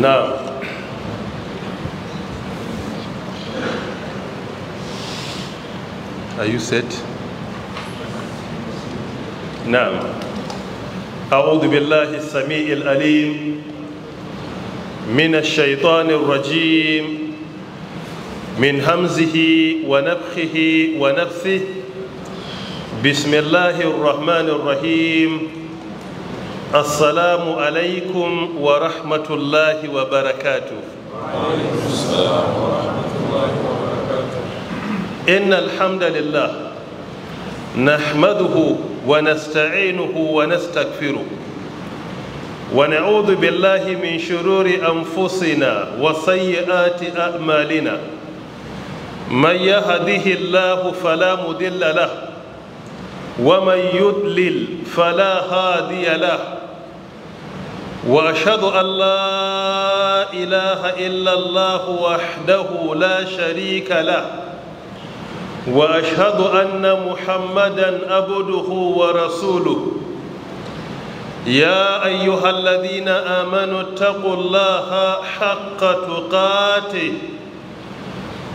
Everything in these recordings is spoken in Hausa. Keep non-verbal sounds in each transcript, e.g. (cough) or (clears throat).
نعم Are you set? نعم أعوذ بالله السميع العليم من الشيطان الرجيم من همزه ونفخه ونفثه بسم الله الرحمن الرحيم السلام عليكم ورحمة الله وبركاته وعليكم السلام ورحمة الله وبركاته إن الحمد لله نحمده ونستعينه ونستغفره ونعوذ بالله من شرور أنفسنا وسيئات أعمالنا من يهده الله فلا مدل له ومن يدلل فلا هادي له واشهد ان لا اله الا الله وحده لا شريك له واشهد ان محمدا أبده ورسوله يا ايها الذين امنوا اتقوا الله حق تقاته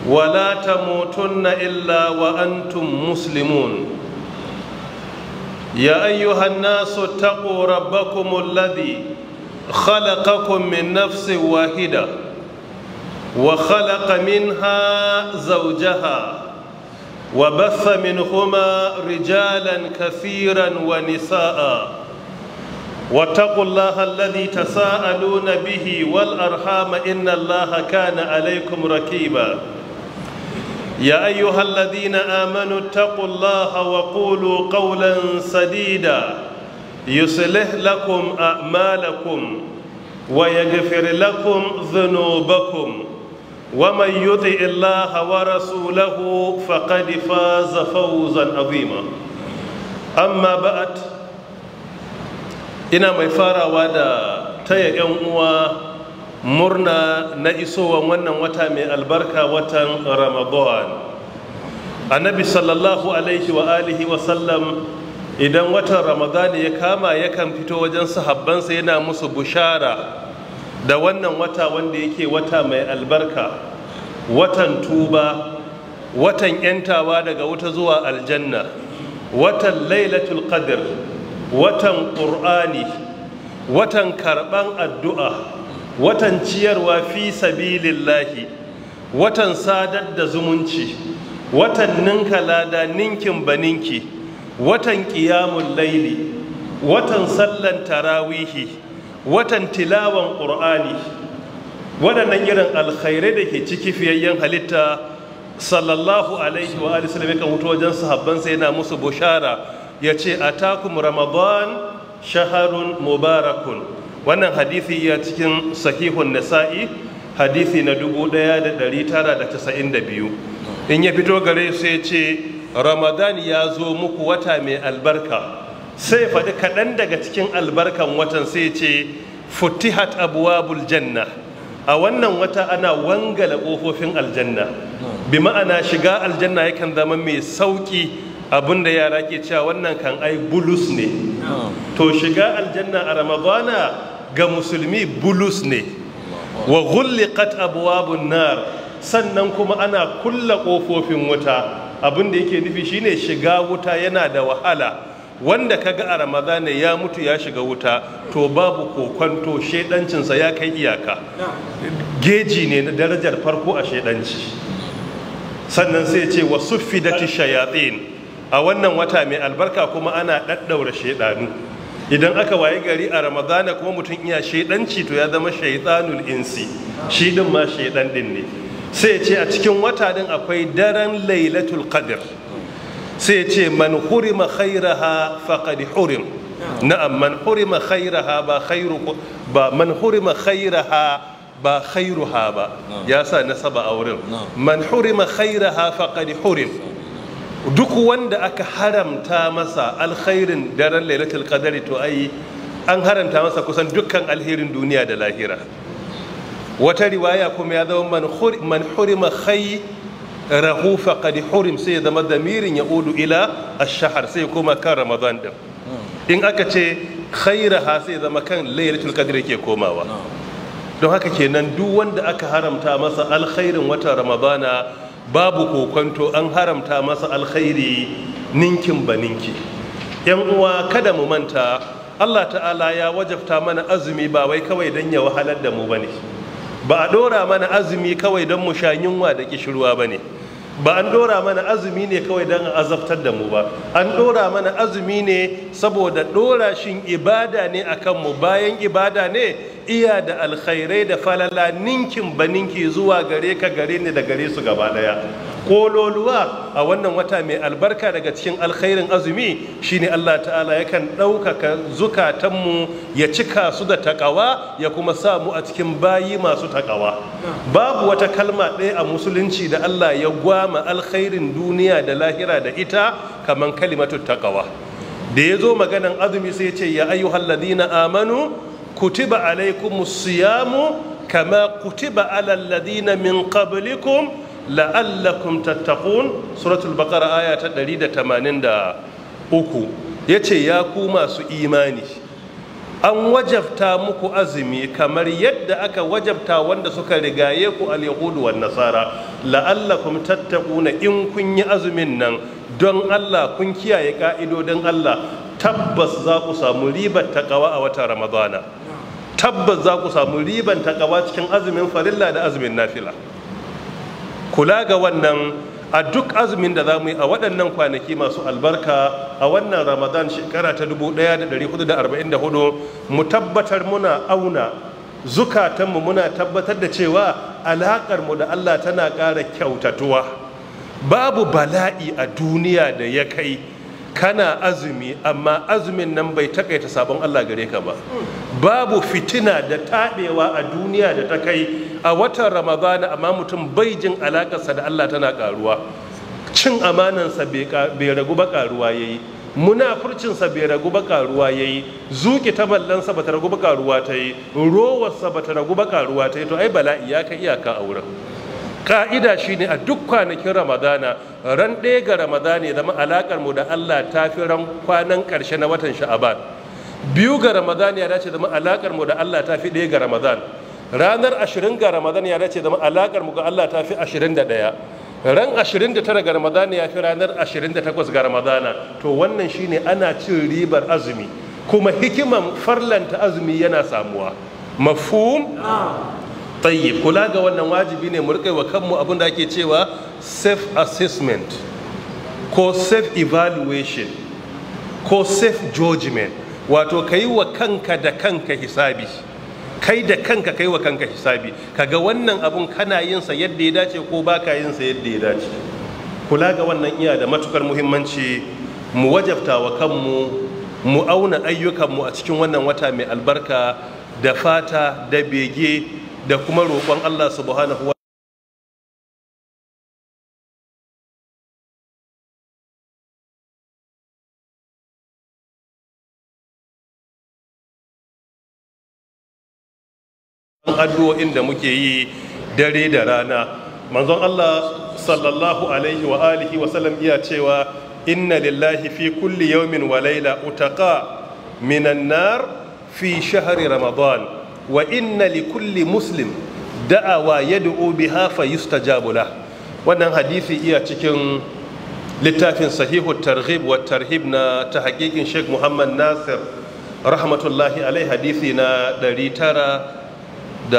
wala tamutunna illa wa antum muslimun يا أيها الناس اتقوا ربكم الذي خلقكم من نفس واحدة وخلق منها زوجها وبث منهما رجالا كثيرا ونساء واتقوا الله الذي تساءلون به والأرحام إن الله كان عليكم ركيباً يا أيها الذين آمنوا اتقوا الله وقولوا قولا سديدا يصلح لكم أعمالكم ويغفر لكم ذنوبكم ومن يطع الله ورسوله فقد فاز فوزا عظيما أما بعد ina mai farawa da taya 'yan uwa murna na isowa wannan wata mai albarka watan ramadan annabi sallallahu alaihi wa alihi wa sallam idan watan ramadan ya kama yakan fito wajen sahabbansa yana musu bushara da wannan wata wanda yake wata mai albarka watan tuba watan yantawa daga wuta zuwa aljanna watan lailatul qadr watan qur'ani watan karban addu'a watan ciyarwa fi sabilillahi watan sadar da zumunci watan ninka lada ninkin baninki watan ƙiyamun laili watan sallan tarawihi watan tilawan ƙur'ani waɗannan irin alkhairai da ke ciki fiyayyen halitta sallallahu alaihi wa alihi sallam kan hutu wajen sahabbansa yana musu bushara ya ce a atakum ramadan shaharun mubarakun wannan hadithi ya cikin sahihun nasa'i hadithi na 1992 in ya fito gare su ya ce ramadan ya zo muku wata mai albarka sai faɗi kaɗan daga cikin albarkan watan sai ce futihat abuwabul janna a wannan wata ana wangala ƙofofin aljanna bi ma'ana shiga aljanna yakan zama mai sauƙi abinda yara ke cewa wannan kan ai bulus ne to shiga aljanna a ramadana ga musulmi bulus ne wa ghulliqat abwabun nar sannan kuma ana kulla kofofin wuta abin da yake nufi shine shiga wuta yana da wahala wanda kaga a ramadana ya mutu ya shiga wuta to babu kokonto shaidancinsa ya kai iyaka geji ne na darajar farko a shedanci sannan sai ce wa suffidati shayatin a wannan wata mai albarka kuma ana ɗaɗɗaura shedanu idan aka waye gari a ramadana kuma mutum iya shaidanci to ya zama shaitanul insi shi din ma shaidan din ne sai ce a cikin wata din akwai daren lailatul qadr sai ce man hurima khairaha faqad hurim na'am man hurima khairaha ba khairu ba man hurima khairaha ba khairuha ba ya sa nasaba a wurin man hurima khairaha faqad hurim duk wanda aka haramta masa alkhairin daren lailatul qadari to ai an haramta masa kusan dukkan alherin duniya da lahira wata riwaya kuma ya zama man hurima khay rahu faqad hurim sai zama damirin ya udu ila ash-shahr sai kuma kan ramadan din hmm. in aka ce khairaha sai zama kan lailatul qadr ke komawa hmm. don haka kenan duk wanda aka haramta masa alkhairin wata ramadana babu kokonto an haramta masa alkhairi ninkin ba ninki yan uwa kada mu manta Allah ta'ala ya wajabta mana azumi ba wai kawai don ya wahalar da mu bane ba a dora mana azumi kawai don mu sha yunwa da kishirwa bane ba an dora mana azumi ne kawai don azabtar da mu ba an dora mana azumi ne saboda dora shin ibada ne a kanmu bayan ibada ne iya da alkhairai da falala ninkin ba ninki zuwa gare ka gare ni da gare su gaba daya kololuwa a wannan wata mai albarka daga cikin alkhairin azumi shine Allah ta'ala yakan ɗaukaka zukatanmu ya cika su da takawa ya kuma sa mu a cikin bayi masu takawa babu wata kalma ɗaya a musulunci da Allah ya gwama alkhairin duniya da lahira da ita kaman kalimatu takawa da ya zo maganan azumi sai ce ya Ladina amanu kutiba alaikumus siyamu kama kutiba alal ladina min qablikum la'allakum tattaqun suratul baqara aya ta ɗari 183 uku, ya ce ya ku masu imani an wajabta muku azumi kamar yadda aka wajabta wanda suka rigaye ku al-yahudu wa nasara la'allakum tattaquna in kun yi azumin nan don Allah kun kiyaye ka'idodin Allah tabbas za ku samu ribar takawa a watan Ramadana tabbas za ku samu ribar takawa cikin azumin farilla da azumin nafila kula ga wannan a duk azumin da za mu yi a waɗannan kwanaki masu albarka a wannan ramadan shekara ta 1444 mu tabbatar muna auna zukatanmu muna tabbatar da cewa alaƙarmu da allah tana ƙara kyautatuwa babu bala'i a duniya da ya kai kana azumi amma azumin nan bai takaita sabon Allah gare ka ba babu fitina da taɓewa a duniya da ta kai a watan ramadana amma mutum bai jin alakarsa da Allah tana karuwa cin amanansa bai ragu ba karuwa yayi munafurcinsa bai ragu ba karuwa ya yi zuki ta mallansa bata ragu ba karuwa ta yi rowarsa bata ragu ba karuwa ta yi to ai bala'i ya kai iyaka a wurin ka'ida shi ne a duk kwanakin ramadana ran ɗaya ga ramadana ya zama alaƙar mu da allah ta fi ran kwanan ƙarshe na watan sha'aban biyu ga ramadana ya dace zama alaƙar mu da allah ta fi ɗaya ga Ramadana. ranar ashirin ga ramadana ya dace zama alaƙar mu ga allah ta fi ashirin da ɗaya ran ashirin da tara ga ramadana ya fi ranar ashirin da takwas ga ramadana to wannan shi ne ana cin ribar azumi kuma hikiman farlanta azumi yana samuwa mafhum tayyib kula ga wannan wajibi ne mu rika wa kanmu abin da ake cewa self assessment ko self evaluation ko self judgment wato ka yi wa kanka da kanka hisabi kai da kanka kai wa kanka hisabi kaga wannan abun kana yin sa yadda ya dace ko baka yin sa yadda ya dace kula ga wannan iya da matukar muhimmanci mu wajabta wa kanmu mu auna ayyukanmu a cikin wannan wata mai albarka da fata da bege da kuma roƙon Allah subhanahu addu'o'in da muke yi dare da rana manzon Allah sallallahu alaihi wa alihi wa sallam iya cewa inna lillahi fi kulli yawmin wa laila utaqa minan nar fi shahri ramadan wa inna li kulli muslim da'awa yad'u biha fa yustajabu la wannan hadisi iya cikin littafin sahihu targhib wa tarhib na ta hakikin Sheikh Muhammad Nasir rahmatullahi alai hadisi na 987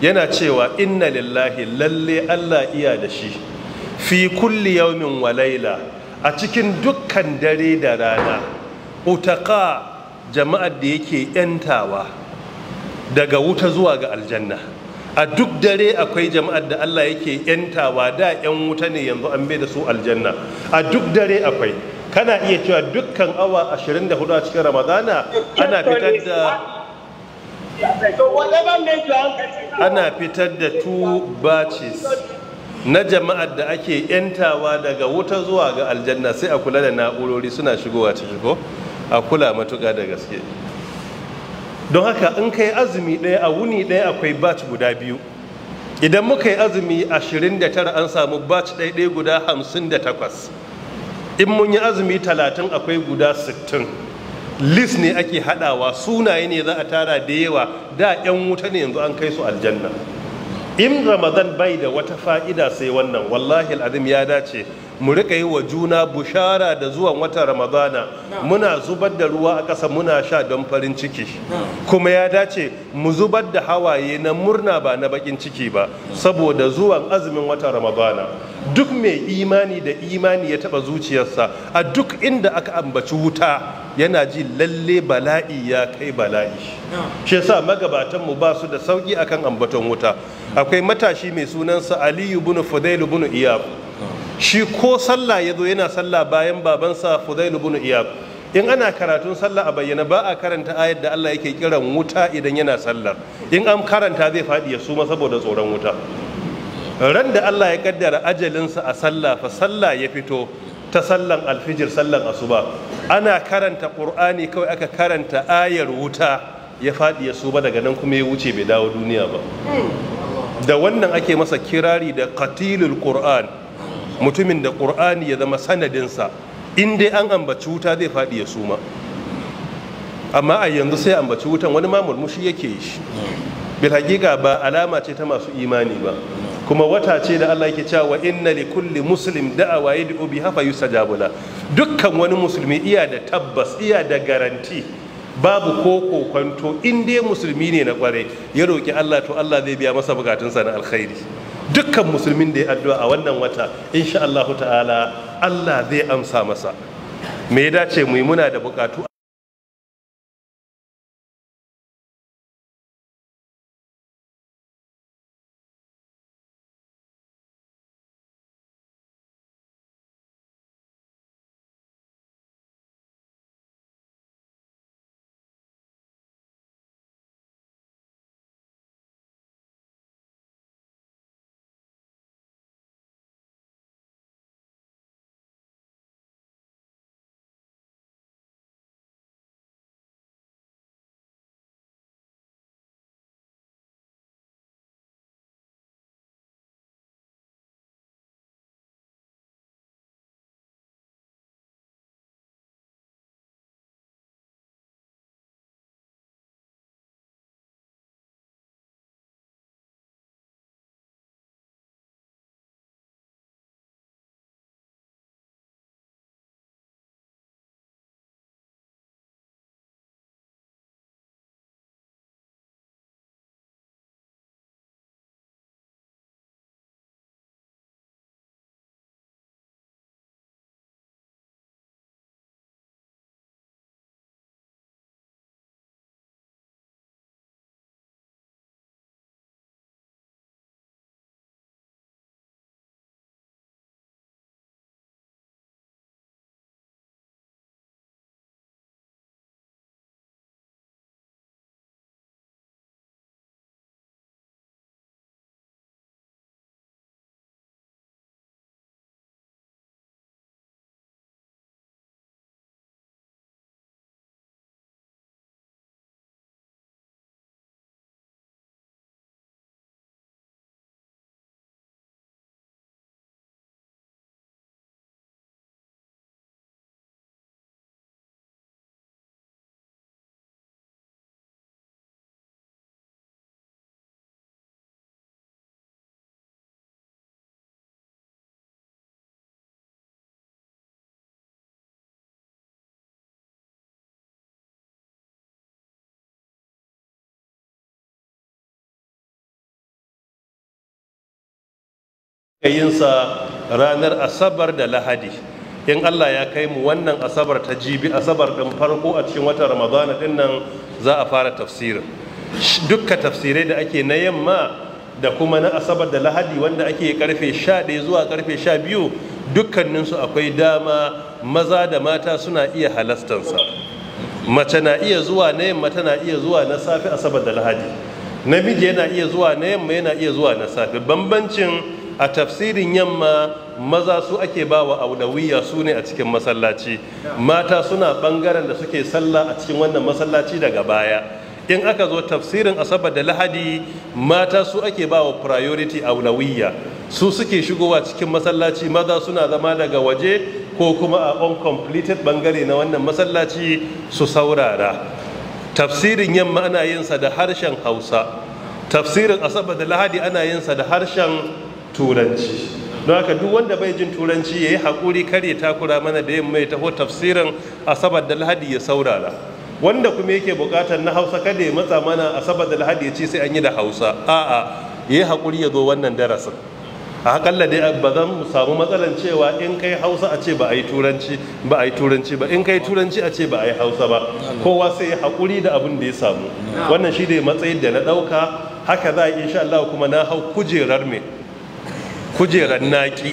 yana cewa inna lillahi lalle Allah iya da shi fi kulli yawmin wa Layla a cikin dukkan dare da rana utaka jama'ar da yake yantawa daga wuta zuwa ga aljanna a duk dare akwai jama'ar da Allah yake yantawa da yan wuta ne yanzu an bai da su aljanna a duk dare akwai kana iya cewa dukkan awa 24 a cikin ramadana ana fitar da ana fitar da two batches na jama'ar da ake yantawa daga wuta zuwa ga aljanna sai a kula da na'urori suna shigowa ciki ko a kula matuƙa da gaske don haka in kai azumi ɗaya a wuni ɗaya akwai batch guda biyu idan muka yi azumi 29 an samu batch ɗaya guda 58 in mun yi azumi 30 akwai guda 60 list ne ake haɗawa sunaye ne za a tara da yawa da 'yan wuta ne yanzu an kai su aljanna in ramadan bai da wata fa'ida sai wannan wallahi al'adim ya dace mu rika yi wa juna bushara da zuwan wata ramadana muna zubar da ruwa a ƙasa muna sha don farin ciki kuma ya dace mu zubar da hawaye na murna ba na bakin ciki ba saboda zuwan azumin wata ramadana duk mai imani da imani ya taba zuciyarsa a duk inda aka ambaci wuta yana ji lalle bala'i ya kai bala'i shi yasa magabatanmu ba su da sauki akan ambaton wuta akwai matashi mai sunansa aliyu bunu fudailu bunu iyab shi ko sallah ya zo yana sallah bayan babansa fudail ibn iyab in ana karatun sallah a bayyana ba a karanta ayar da Allah yake kiran wuta idan yana sallar in an karanta zai faɗi ya suma saboda tsoron wuta ran da Allah ya kaddara ajalinsa a sallah fa sallah ya fito ta sallan alfijir sallan asuba ana karanta qur'ani kawai aka karanta ayar wuta ya faɗi ya suma daga nan kuma ya wuce bai dawo duniya ba hmm. da wannan ake masa kirari da qatilul qur'an mutumin da ƙur'ani ya zama sanadinsa in dai an ambaci wuta zai faɗi ya suma amma a yanzu sai ambaci wutan wani ma murmushi yake shi bil hakika ba alama ce ta masu imani ba kuma wata ce da Allah yake cewa inna li kulli muslim da'awa yad'u bi hafa yustajabu la dukkan wani musulmi iya da tabbas iya da garanti babu ko kokonto in dai musulmi ne na kware ya roki Allah to Allah zai biya masa bukatunsa na alkhairi dukkan musulmin da ya addu'a a wannan wata insha Allah ta'ala Allah zai amsa masa me ya dace mu yi muna da bukatu yinsa ranar asabar da lahadi in allah ya kai mu wannan asabar ta jibi asabar ɗin farko a cikin watan ramadana ɗin nan za a fara tafsirin dukka tafsirai da ake na yamma da kuma na asabar da lahadi wanda ake karfe 11 zuwa karfe 12 dukkaninsu akwai dama maza da mata suna iya halastansa mace na iya zuwa na yamma tana iya zuwa na safe asabar da lahadi namiji yana iya zuwa na yamma yana iya zuwa na safe bambancin a tafsirin yamma maza su ake ba wa audawiya su ne a cikin masallaci mata suna bangaren da suke sallah a cikin wannan masallaci daga baya in aka zo tafsirin asabar da lahadi mata su ake ba wa priority audawiya su suke shigowa cikin masallaci maza suna zama daga waje ko kuma a uncompleted bangare na wannan masallaci su saurara tafsirin yamma ana yinsa da harshen hausa tafsirin asabar da lahadi ana yinsa da harshen turanci don haka duk wanda bai jin turanci ya yi haƙuri kare takura mana da yin mai taho tafsirin asabar da lahadi ya saurara wanda kuma yake buƙatar na hausa kada ya matsa mana asabar da lahadi ya ce sai an yi da hausa a'a ya yi haƙuri ya zo wannan darasin a haƙalla dai ba zan samu matsalan cewa in kai hausa a ce ba a yi turanci ba a yi turanci ba in kai turanci a ce ba a yi hausa ba kowa sai ya haƙuri da abin da ya samu wannan shi ne matsayin da na ɗauka haka za a insha Allah kuma na hau kujerar mai kujerar naki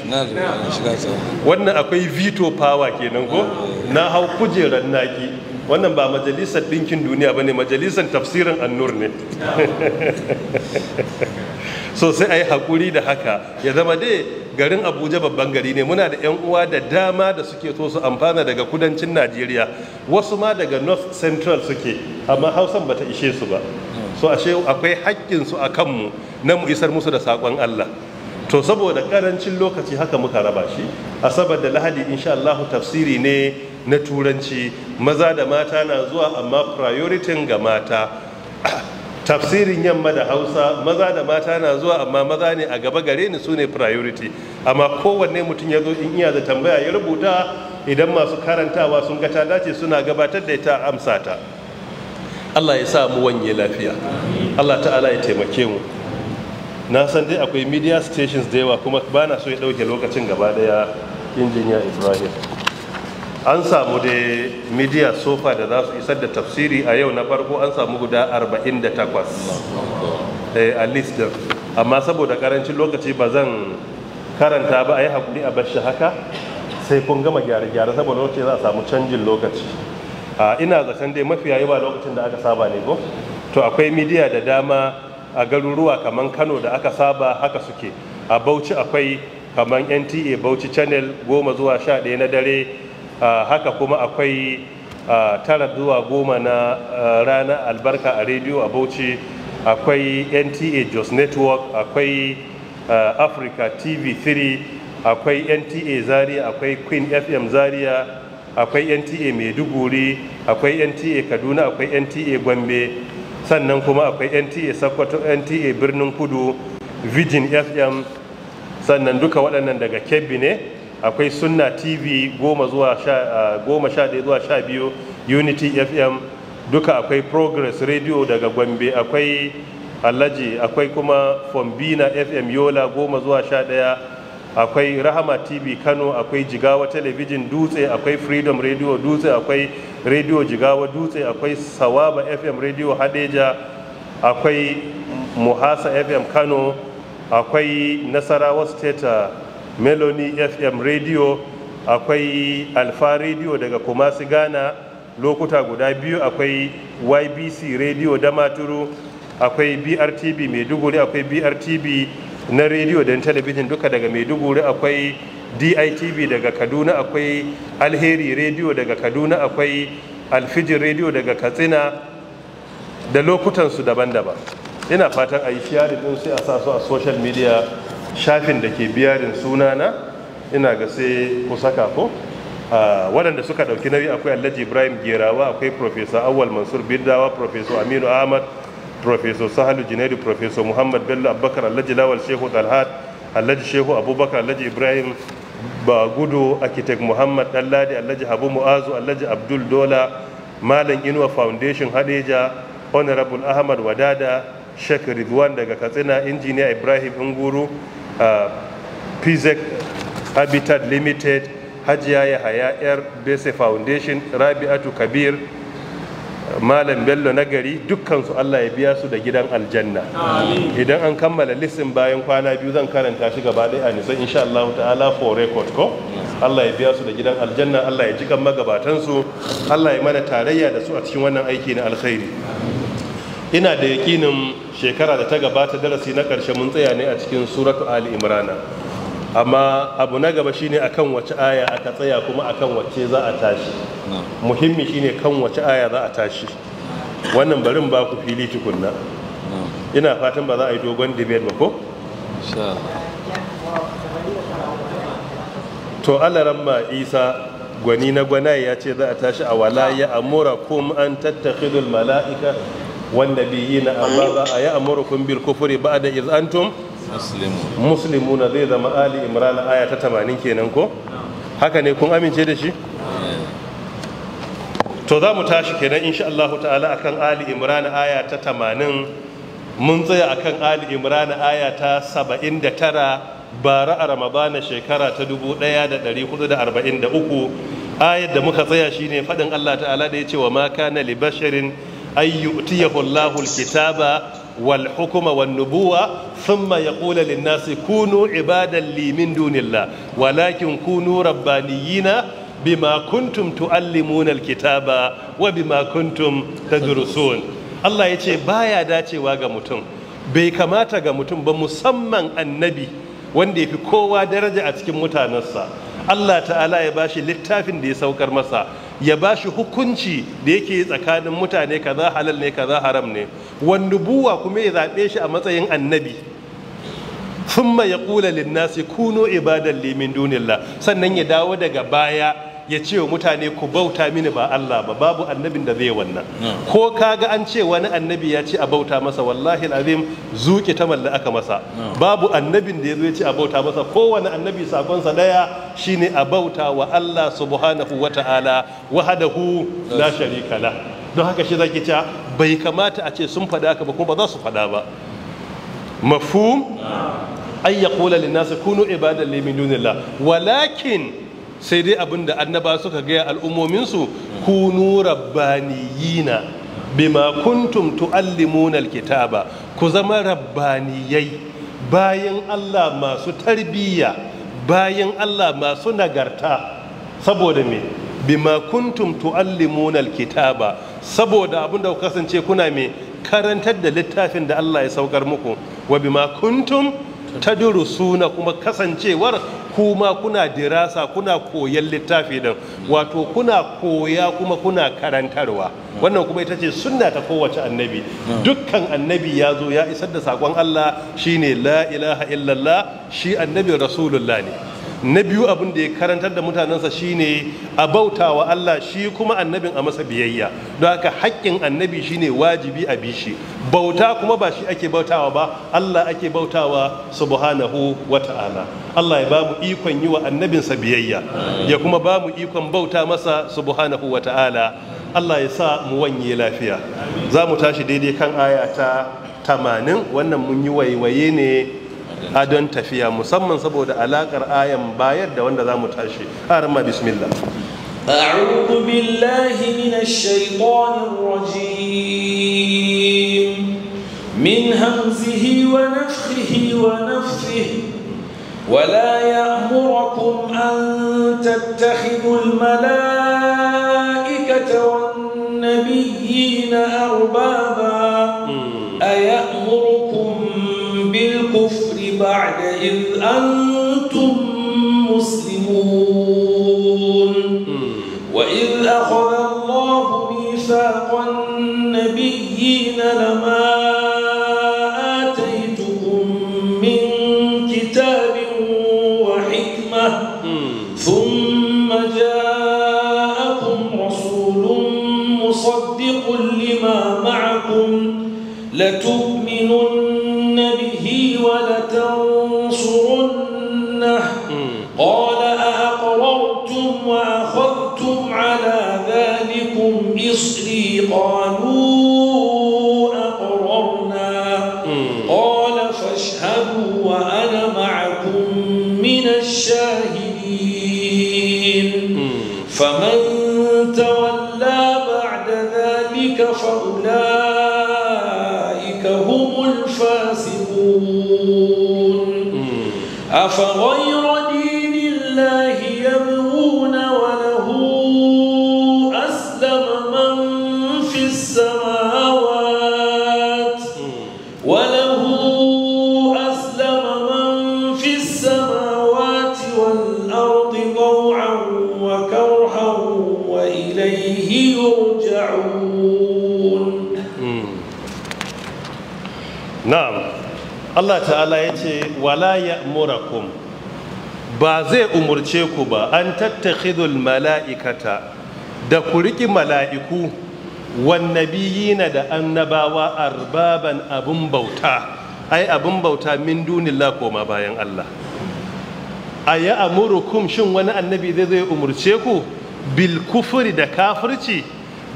wannan akwai veto power kenan ko na hau kujerar naki wannan ba majalisar ɗinkin duniya ba ne majalisar tafsirin annur ne (laughs) so sai a yi da haka ya zama dai garin abuja babban gari ne muna da 'yan uwa da dama da suke so su amfana daga kudancin najeriya wasu ma daga north central suke amma hausan ba ta ishe su ba so ashe akwai haƙƙinsu a kanmu na mu isar musu da saƙon allah to saboda karancin lokaci haka muka raba shi asabar da lahadi insha Allah tafsiri ne na turanci maza da mata na zuwa amma priority ga mata (clears throat) tafsirin yamma da hausa maza da mata na zuwa amma maza ne a gaba gare ni su ne priority amma kowanne mutum ya zo in iya da tambaya ya rubuta idan masu karantawa sun ga ta dace suna gabatar da ita amsa ta Allah ya sa mu wanye lafiya Allah ta'ala ya taimake mu na san dai akwai media stations da yawa kuma ba na so ya ɗauke lokacin gaba daya injiniya ibrahim an samu da media sofa da za su isar da tafsiri a yau na farko an samu guda 48 eh, a list din amma saboda karancin lokaci ba zan karanta ba a yi haƙuri a bashi haka sai kun gama gyare-gyare saboda lokaci za a samu canjin lokaci a ah, ina zaton dai mafiya yawa lokacin da aka saba ne ko to akwai midiya da dama a garuruwa kamar kano da aka saba haka suke a bauchi akwai kamar nta bauchi channel goma zuwa sha ɗaya na dare haka kuma akwai tara zuwa goma na rana albarka a rediyo a bauchi akwai nta jos network akwai africa tv 3 akwai nta zaria akwai queen fm zaria akwai nta maiduguri akwai nta kaduna akwai nta gombe sannan kuma akwai nta sakwato nta birnin kudu virgin fm sannan duka waɗannan daga kebbi ne akwai sunna tv goma zuwa unity fm duka akwai progress radio daga gombe akwai alhaji akwai kuma fombina fm yola goma zuwa sha akwai rahama tv kano akwai jigawa Television dutse akwai freedom radio dutse akwai radio jigawa dutse akwai sawaba fm radio hadeja akwai muhasa fm kano akwai nasarawa state uh, meloni fm radio akwai alfa radio daga kumasi Gana lokuta guda biyu akwai ybc radio damaturu akwai brtb maiduguri akwai brtb na rediyo da talabijin duka daga maiduguri akwai ditv daga kaduna akwai alheri rediyo daga kaduna akwai alfijin rediyo daga katsina da lokutansu daban-daban ina fatan a yi sharing din sai a sa su a social media shafin da ke biyarin sunana ina ga sai ku saka ko waɗanda suka ɗauki nauyi akwai alhaji ibrahim gerawa akwai professor awal mansur birdawa professor aminu ahmad professor sahalu junaidu professor muhammad bello abubakar alhaji lawal shehu dalhat alhaji shehu abubakar alhaji ibrahim Bagudu architect muhammad ɗanladi alhaji habu mu'azu alhaji abdul dola malam inuwa foundation hadeja honorable ahmad wadada sheikh ridwan daga katsina injiniya ibrahim inguru uh, pizek habitat limited hajiya yahaya yar bese foundation rabi'atu kabir malam bello na gari dukkansu allah ya biya su da gidan aljanna idan an kammala lissin bayan kwana biyu zan karanta shi gaba ɗaya a nisa insha Allah ta'ala for record ko allah ya biya su da gidan aljanna allah ya ji kan su allah ya mana tarayya da su a cikin wannan aiki na alkhairi ina da yakinin shekara da ta gabata darasi na karshe mun tsaya ne a cikin suratu ali imrana amma abu na gaba shine akan wace aya aka tsaya kuma akan wace za a tashi muhimmi shine kan wace aya za a tashi wannan barin ba ku fili tukunna ina fatan ba za a yi dogon debate ba ko to alaramma isa gwani na gwanaye ya ce za a tashi a wala ya amura kuma an tattakhidul mala'ika wanda biyi na amma ba a ya amura bil kufuri ba da iz muslimuna zai zama ali imran aya ta tamanin kenan ko haka ne kun amince da shi eh. to za mu tashi kenan insha Allah ta'ala akan ali imran aya ta tamanin mun tsaya akan ali imran aya ta saba'in da tara bara a ramadana shekara ta dubu uku ayar da muka tsaya shine faɗin Allah ta'ala da ya ce wa ma kana li basharin ayyutiyahu Allahul kitaba wal hukuma wan nubuwa thumma yaqulu lin nasi kunu ibadan li min dunillah walakin kunu rabbaniyina bimakuntun kuntum tuallimuna alkitaba wa bima kuntum tadrusun Allah yace baya dacewa ga mutum bai kamata ga mutum ba musamman annabi wanda yafi kowa daraja a cikin mutanensa Allah ta'ala ya bashi littafin da ya saukar masa ya ba shi hukunci da yake tsakanin mutane kaza halal ne kaza haram ne wanda buwa kuma ya zaɓe shi a matsayin annabi thumma ya ƙula linnasi kuno ibadan limin dunillah sannan ya dawo daga baya ya ce wa mutane ku bauta mini ba Allah ba babu annabin da zai wannan ko kaga an ce wani annabi ya ce a bauta masa wallahi azim zuki ta malla aka masa babu annabin da ya zo ya ce a bauta masa kowane annabi sa daya shine a bauta wa Allah subhanahu wata'ala wahdahu la sharika la don haka shi zaki cewa bai kamata a ce sun faɗa ka ba kuma ba za su faɗa ba mafhum ay yaqula lin nas kunu ibadan li min dunillah walakin sai dai abin da annaba suka gaya al'ummominsu kunu rabbaniyina bima kuntum tuallimuna alkitaba ku zama rabbaniyai bayan Allah masu tarbiyya bayan Allah masu nagarta saboda me bima kuntum tuallimuna alkitaba saboda abin da ku kasance kuna me karantar da littafin da Allah ya saukar muku wa bima kuntum tadrusuna kuma kasancewar kuma kuna dirasa kuna koyan littafi din wato kuna koya kuma kuna karantarwa wannan kuma ita ce sunna ta kowace annabi hmm. dukkan annabi ya zo ya isar da sakon Allah shine la ilaha illallah shi annabi rasulullah ne na biyu abin da ya karantar da mutanensa shine a bauta wa Allah shi kuma annabin a masa biyayya don haka haƙƙin annabi shine wajibi a bi bauta kuma ba shi ake bautawa ba Allah ake bautawa subhanahu wa ta'ala Allah ya bamu ikon yi wa annabinsa biyayya ya kuma bamu ikon bauta masa subhanahu wa ta'ala Allah ya sa mu wanye lafiya za mu tashi daidai kan aya ta 80 wannan mun yi waiwaye ne adon tafiya musamman saboda alakar ayan bayar da wanda za mu tashi harma bismillah أعوذ بالله من الشيطان الرجيم من همزه ونفخه ونفثه ولا يأمركم أن تتخذوا الملائكة والنبيين أربابا أيأمركم بعد إذ أنتم مسلمون وإذ أخذ الله ميثاق النبيين لما فمن تولى بعد ذلك فأولئك هم الفاسقون أفغير ta'ala ya ce wala ya'murakum ba zai umurce ku ba an tattakhidul mala'ikata da ku riƙi mala'iku wannabiyina da annabawa arbaban abin bauta ai abin bauta min dunillah koma bayan Allah a ya amurukum shin wani annabi zai zai umurce ku bil kufuri da kafirci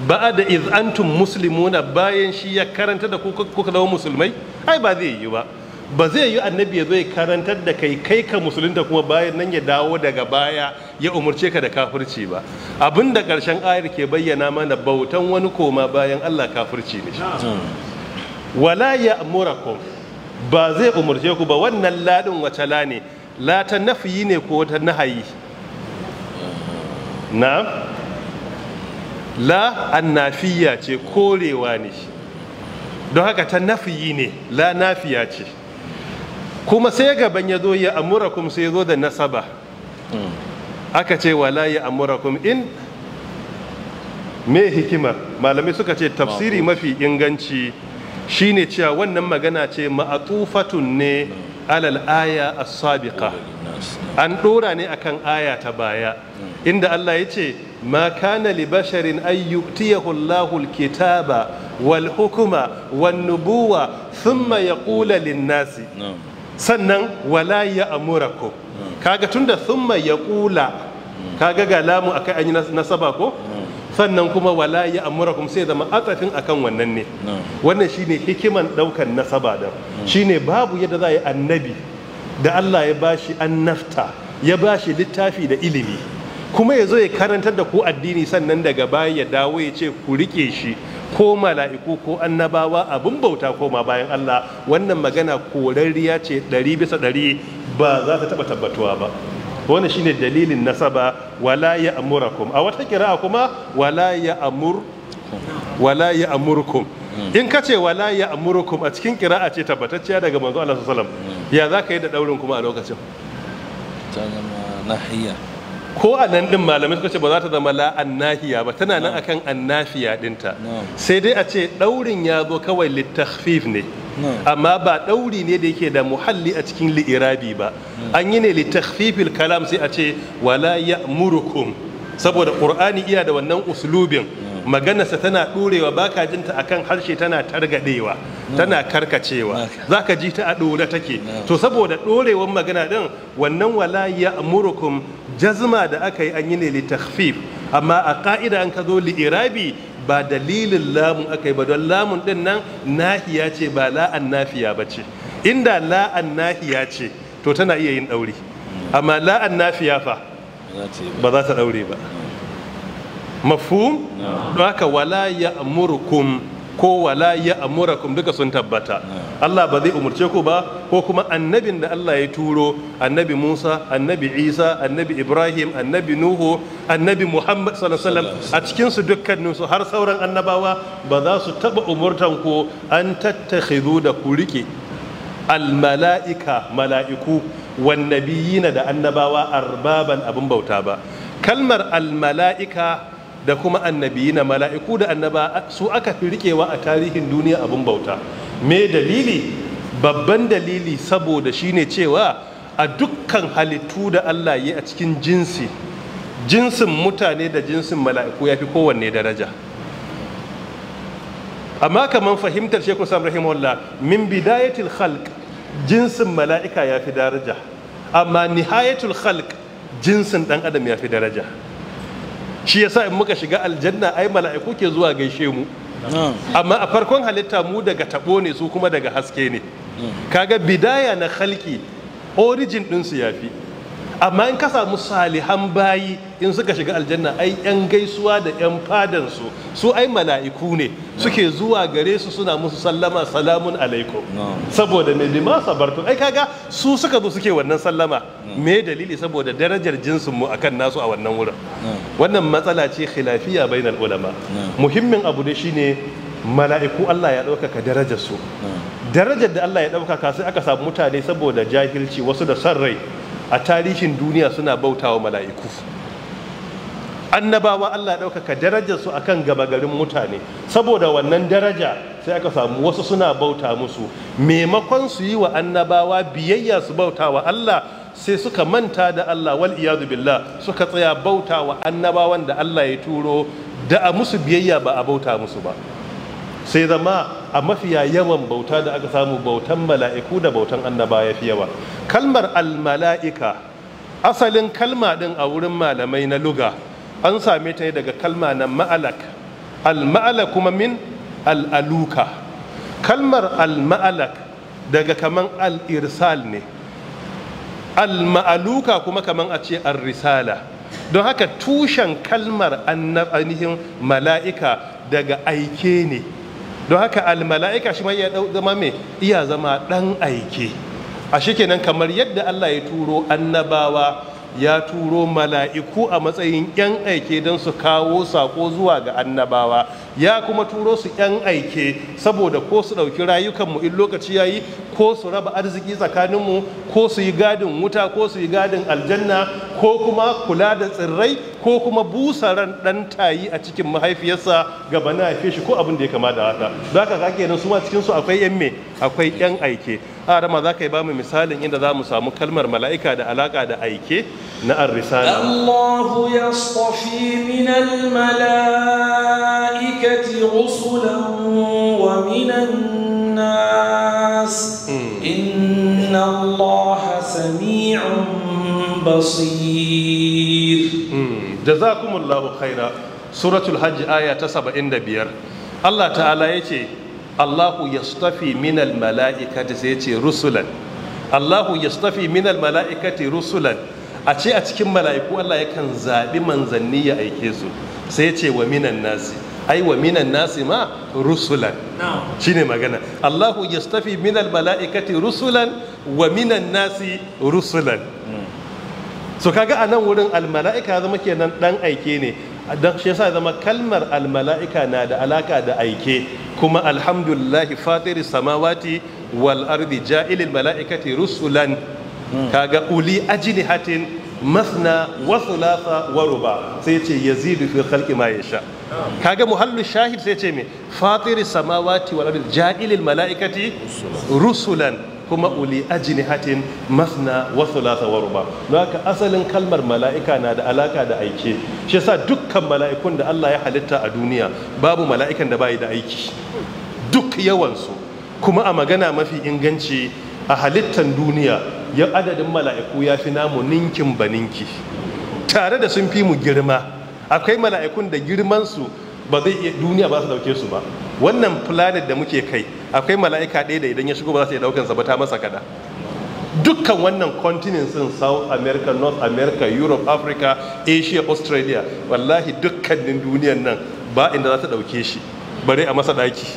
ba da izantun musulmuna bayan shi ya karanta da kuka zama musulmai ai ba zai yi ba ba zai yi annabi ya zo ya karantar da kai kai ka musulunta kuma bayan nan ya dawo daga baya ya umarce ka da kafirci ba da karshen ayar ke bayyana mana bautan wani koma bayan Allah kafirci ne wala ya'murakum ba zai umarce ku ba wannan ladin wata la ne la ta nafi ne ko ta nahayi na la annafiya ce korewa ne don haka ta nafi ne la nafiya ce kuma sai gaban ya zo ya amura kuma sai ya zo da nasaba hmm. aka ce wala ya amura in me hikima malamai suka ce tafsiri mafi inganci shine cewa wannan magana ce ma'atufatun ne hmm. alal aya as-sabiqa an dora ne akan aya ta baya hmm. inda Allah ya ce ma kana li basharin an yu'tiyahu Allahu al-kitaba wal hukma wan nubuwa thumma yaqula lin-nasi sannan wala ya amura ko, kaga tun tunda mai ya kula kaga ga lamu akai an yi nasaba ko sannan kuma wala ya amura kuma sai zama atsafin akan wannan ne wannan shine hikiman daukan nasaba Shi shine babu yadda za a yi annabi da Allah ya bashi annafta ya bashi littafi da ilimi kuma ya zo ya karantar da ku addini sannan daga baya ya dawo ya ce ku rike shi ko mala'iku ko annabawa abin bauta koma bayan Allah wannan magana korarriya ce ɗari bisa ɗari ba za ta taɓa tabbatuwa ba wani shine dalilin nasaba wala ya amurakum a wata kira kuma wala ya amur wala ya amurkum in ka ce wala ya amurkum a cikin kira ce tabbatacciya daga manzo Allah sallallahu alaihi ya za ka yi da daurin kuma a lokacin ko a nan din malamai suka ce ba za ta zama la'an nahiya ba tana nan akan annafiya dinta sai dai a ce daurin ya zo kawai littafif ne amma ba dauri ne da yake da muhalli a cikin li'irabi ba an yi ne littafifil kalam sai a ce wala ya'murukum saboda qur'ani iya da wannan uslubin maganarsa tana ɗorewa baka jinta akan harshe tana targadewa tana karkacewa zaka ji ta a dore take to saboda ɗorewan magana ɗin, wannan wala ya'murukum jazma da aka yi an yi ne li amma a ka'ida an ka zo li irabi ba dalilin lamun aka yi ba don lamun ɗin nan nahiya ce ba la'an nafiya ba ce inda la'an nahiya ce to tana iya yin ɗauri amma la'an nafiya fa ba za ta ɗaure ba mafhum don haka wala ya'murukum ko wala ya amurakum duka sun tabbata Allah ba zai umurce ku ba ko kuma annabin da Allah ya turo annabi Musa annabi Isa annabi Ibrahim annabi Nuhu annabi Muhammad sallallahu alaihi wasallam a cikin su dukkanin su har sauran annabawa ba za su taba umurtan ku an tattakhidhu da ku rike al mala'ika mala'iku wan nabiyina da annabawa arbaban abin bauta ba kalmar al mala'ika da kuma annabiyi na mala'iku da annaba su aka fi rikewa a tarihin duniya abin bauta me dalili babban dalili saboda shine cewa a dukkan halittu da Allah yi a cikin jinsi jinsin mutane da jinsin mala'iku ya fi kowanne daraja amma kamar fahimtar shekul sam rahimahullah min bidayatul khalq jinsin mala'ika ya fi daraja amma nihayatul khalq jinsin ɗan adam ya fi daraja shi yasa in muka shiga aljanna ai mala'iku ke zuwa gaishe mu amma a farkon halitta mu daga tabo ne su kuma daga haske ne kaga bidaya na halki origin ɗinsu ya fi amma in ka samu salihan bayi in suka shiga aljanna ai yan gaisuwa da yan fadan su su ai mala'iku ne suke zuwa gare su suna musu sallama salamun alaikum saboda me bima sabartum ai kaga su suka zo suke wannan sallama me dalili saboda darajar jinsin mu akan nasu a wannan wurin wannan matsala ce khilafiya bainal ulama muhimmin abu da shine mala'iku Allah ya ɗaukaka darajar su darajar da Allah ya ɗaukaka sai aka samu mutane saboda jahilci wasu da son rai a tarihin duniya suna bautawa mala'iku annabawa Allah ya ɗaukaka darajarsu a kan gama garin mutane saboda wannan daraja sai aka samu wasu suna bauta musu maimakon su yi wa annabawa biyayya su bauta wa Allah sai suka manta da Allah wal iyadu billah suka tsaya bauta wa annabawan da Allah ya turo da a musu biyayya ba a bauta musu ba sai zama a mafiya yawan bauta da aka samu bautan mala'iku da bautan annaba ya fi yawa kalmar almala'ika asalin kalma ɗin a wurin malamai na luga an same ta daga kalma na ma'alak Al-ma'alak kuma min al'aluka kalmar alma'alak daga kaman al'irsal ne alma'aluka kuma kaman a ce al-risala don haka tushen kalmar ainihin mala'ika daga aike ne don haka almala'ika shi ma iya zama me iya zama dan aike a kenan kamar yadda Allah ya turo annabawa ya turo mala'iku a matsayin 'yan aike don su kawo sako zuwa ga annabawa ya kuma turo su 'yan aike saboda ko su ɗauki rayukanmu in lokaci yayi ko su raba arziki tsakaninmu ko su yi gadin wuta ko su yi gadin aljanna ko kuma kula da tsirrai ko kuma busa ran ɗan tayi a cikin mahaifiyarsa gaba na haife shi ko abin da ya kama da haka za ka ga nan su ma cikinsu akwai 'yan me akwai 'yan aike arama za ka yi ba mu misalin inda za mu samu kalmar mala'ika da alaka da aike na arrisala Allahu yastafi min almala'ikati rusulan wa minan nas hmm. inna Allah sami'un basir hmm. jazakumullahu khaira suratul hajji aya ta 75 Allah ta'ala ya ce. Allahu yastafi minal mala'ikati sai ce rusulan Allahu yastafi minal mala'ikati rusulan a ce a cikin mala'iku Allah yakan zaɓi manzanni ya aike su sai ce wa minan nasi ai wa minan nasi ma rusulan shine magana Allahu yastafi minal mala'ikati rusulan wa minan nasi rusulan hmm. so kaga a nan wurin mala'ika zama kenan dan aike ne don shi yasa zama kalmar almala'ika na da alaka da aike kuma alhamdulillahi fatiris samawati wal ardi ja'ilil mala'ikati rusulan kaga uli ajnihatin masna wa thulatha wa ruba sai ce yazidu fi khalqi ma yasha kaga muhallu shahid sai ce me fatiris samawati wal ardi ja'ilil mala'ikati rusulan kuma uli ajini hatin masna wasu thulatha wa ruba haka asalin kalmar mala'ika na da alaka da aike shi sa dukkan mala'ikun da Allah ya halitta a duniya babu mala'ikan da bayi da aiki duk yawansu kuma a magana mafi inganci a halittan duniya ya adadin mala'iku ya fi namu ninkin ba ninki tare da sun fi mu girma akwai mala'ikun da girmansu ba zai duniya ba su dauke su ba wannan planet da muke kai akwai mala'ika ɗaya da idan ya shigo ba za su iya daukan sa ba ta masa kada dukkan wannan continents din South America, North America, Europe, Africa, Asia, Australia wallahi dukkanin duniyan nan ba inda za ta ɗauke shi bare a masa daki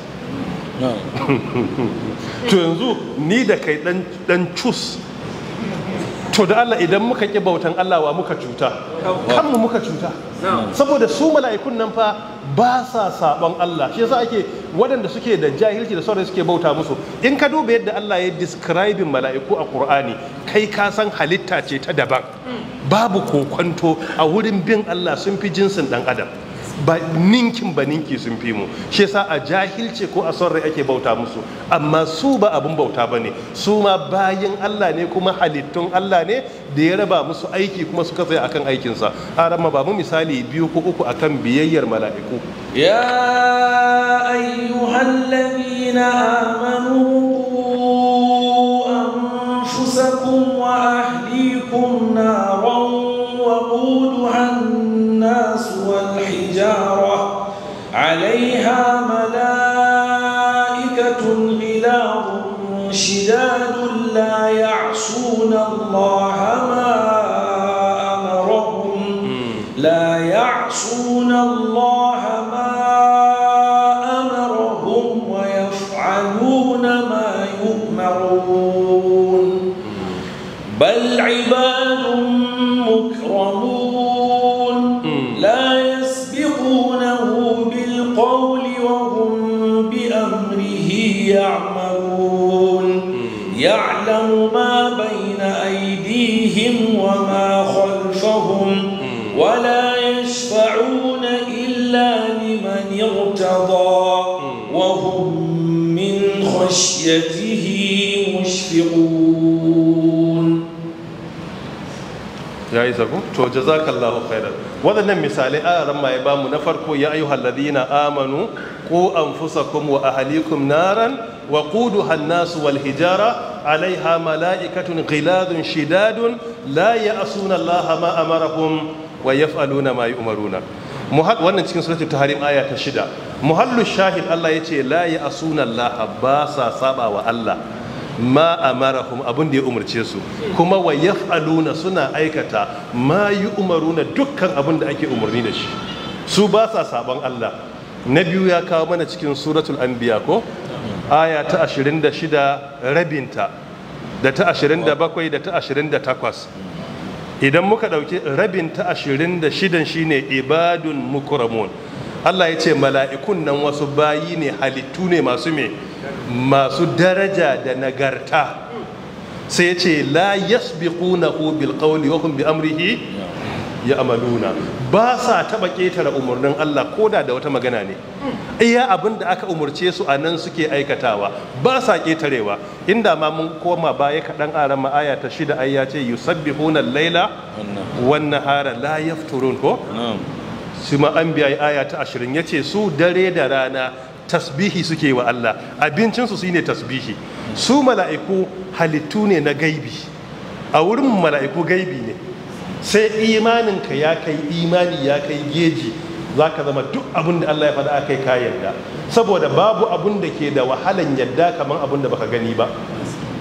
(laughs) to yanzu ni da kai dan cus to da Allah idan muka ƙi bautan Allah wa muka cuta kanmu muka cuta saboda su mala'ikun nan fa ba sa saɓon Allah shi yasa ake waɗanda suke da jahilci da sauran suke bauta musu in ka duba yadda Allah ya describing mala'iku a Qur'ani kai ka san halitta ce ta daban babu kokwanto a wurin bin Allah sun fi jinsin dan adam ba ninkin ba ninki sun fi mu shi yasa a jahilce ko a son rai ake bauta musu amma su ba abun bauta bane su ma bayan Allah ne kuma halittun Allah ne da ya raba musu aiki kuma suka tsaya akan aikinsa a arama ba mu misali biyu ko uku akan biyayyar mala'iku ya ayyuhallazina amanu anfusakum wa ahlikum nar رجال لا يعصون الله ya yi zago to jazakallahu khairan waɗannan misalai a ran ma ba bamu na farko ya ayyuhal ladina amanu ku anfusakum wa ahlikum naran wa quduha an-nas wal hijara alaiha mala'ikatun ghiladun shidadun la ya'suna allaha ma amarahum wa yaf'aluna ma yu'maruna wannan cikin suratul tahrim aya ta shida muhallu shahid Allah yace la ya'suna allaha ba sa saba wa Allah ma amarahum abin da ya umarce su kuma wa yaf'aluna suna aikata ma yi yu'maruna dukkan abin da ake umarni da shi su ba sa saban Allah na biyu ya kawo mana cikin suratul anbiya ko aya ta 26 rabinta da ta 27 da ta 28 idan muka dauki rabin ta 26 shine ibadun mukramun Allah ya ce mala'ikun nan wasu bayi ne halittu ne masu me masu daraja da nagarta sai ce la yasbiqunahu bil qawli wa hum bi amrihi ya amaluna ba sa taba ketare umurnin Allah koda da wata magana ne iya abin da aka umarce su a nan suke aikatawa ba sa ketarewa inda ma mun koma baya kaɗan aran ma'aya ta shida ai ya ce yusabbihuna hunan laila wan nahara la yafturun ko shi ma an biya aya ta 20 yace su dare da rana tasbihi suke wa Allah abincinsu su ne tasbihi su mala'iku halittu ne na gaibi a wurin mala'iku gaibi ne sai imaninka ya kai imani ya kai geji za ka zama duk abin da Allah ya faɗa kai ka yarda saboda babu abin da ke da wahalan yarda kamar abin da baka gani ba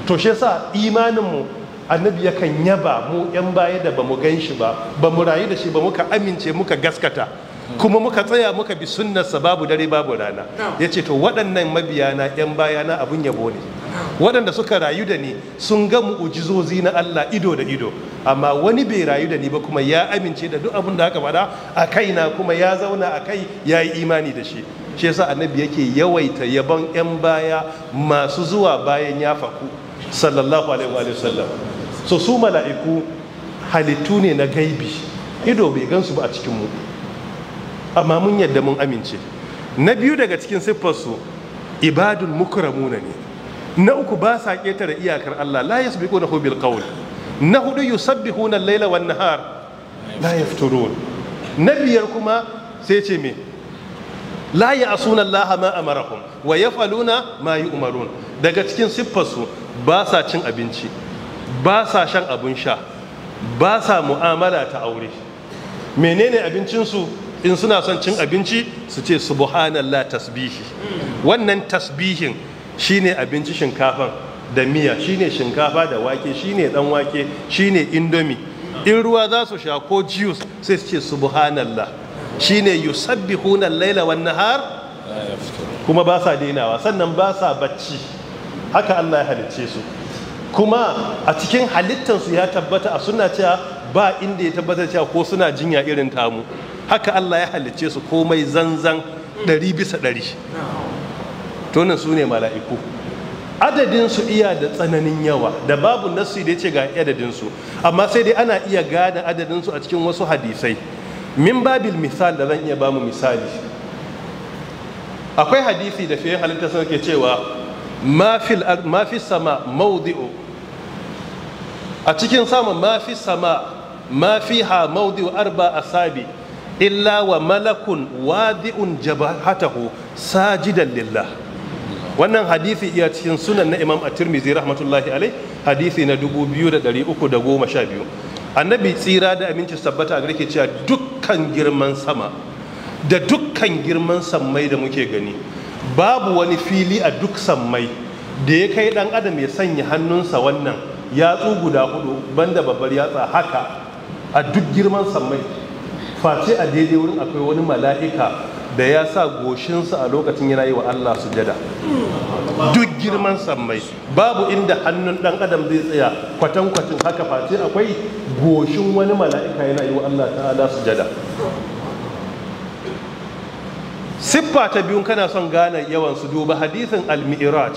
to shi sa imaninmu annabi yakan yaba mu yan baya da ba mu gan shi ba bamu rayu da shi ba muka amince muka gaskata kuma muka tsaya muka bi sunnarsa babu dare babu rana ya ce to waɗannan mabiya mabiyana 'yan na abun yabo ne waɗanda suka rayu da ni sun ga mu'ujizozi na Allah ido da ido amma wani bai rayu da ni ba kuma ya amince da duk abin da aka faɗa a kai na kuma ya zauna a kai ya yi imani da shi shi yasa annabi yake yawaita yabon 'yan baya masu zuwa bayan ya faku sallallahu alaihi wa sallam so su mala'iku halittu ne na gaibi ido bai gansu ba a cikin mu amma mun yadda mun amince na biyu daga cikin siffarsu ibadun mukramuna ne na uku ba sa ƙetare iyakar Allah la yasbiquna hu bil qawl na hudu yusabbihuna al-laila wan nahar la yafturun na biyar kuma sai ce me la ya'suna Allah ma amarahum wa yaf'aluna ma yu'marun daga cikin siffarsu ba sa cin abinci ba sa shan abun sha ba sa mu'amala ta aure menene abincinsu in suna son cin abinci su ce subhanallah tasbihi wannan tasbihin shine abinci shinkafan da miya shine shinkafa da wake shine dan wake shine indomi in ruwa za su sha ko jiyus sai su ce subhanallah shine yusabbihuna al-laila wan nahar kuma ba sa dainawa sannan ba sa bacci haka Allah ya halicce su kuma a cikin halittansu ya tabbata a suna cewa ba inda ya tabbata cewa ko suna jinya irin tamu haka Allah ya halicce su komai zanzan ɗari bisa ɗari tunan su ne mala'iku adadinsu iya da tsananin yawa da babu nasu da ya ce ga adadinsu amma sai dai ana iya gada adadinsu a cikin wasu hadisai min babil misal da zan iya bamu misali akwai hadisi da fiye halitta sun ke cewa mafi sama maudi'u a cikin sama mafi sama mafi ha maudi'u arba asabi illa wa malakun wadi'un jabhatahu sajidan lillah wannan hadisi iya cikin sunan na imam at-tirmidhi rahmatullahi alai hadisi na 2312 annabi tsira da aminci sabbata a gareke cewa dukkan girman sama da dukkan girman sammai da muke gani babu wani fili a duk sammai da ya kai dan adam ya sanya hannunsa wannan yatsu guda hudu banda babbar yatsa haka a duk girman sammai face a daidai wurin akwai wani mala'ika da ya sa goshinsa a lokacin yana yi wa Allah sujada duk girman sammai babu inda hannun dan adam zai tsaya kwatan kwatin haka face akwai goshin wani mala'ika yana yi wa Allah ta'ala sujada siffa ta biyu kana son gane yawan su duba Hadithin al-mi'raj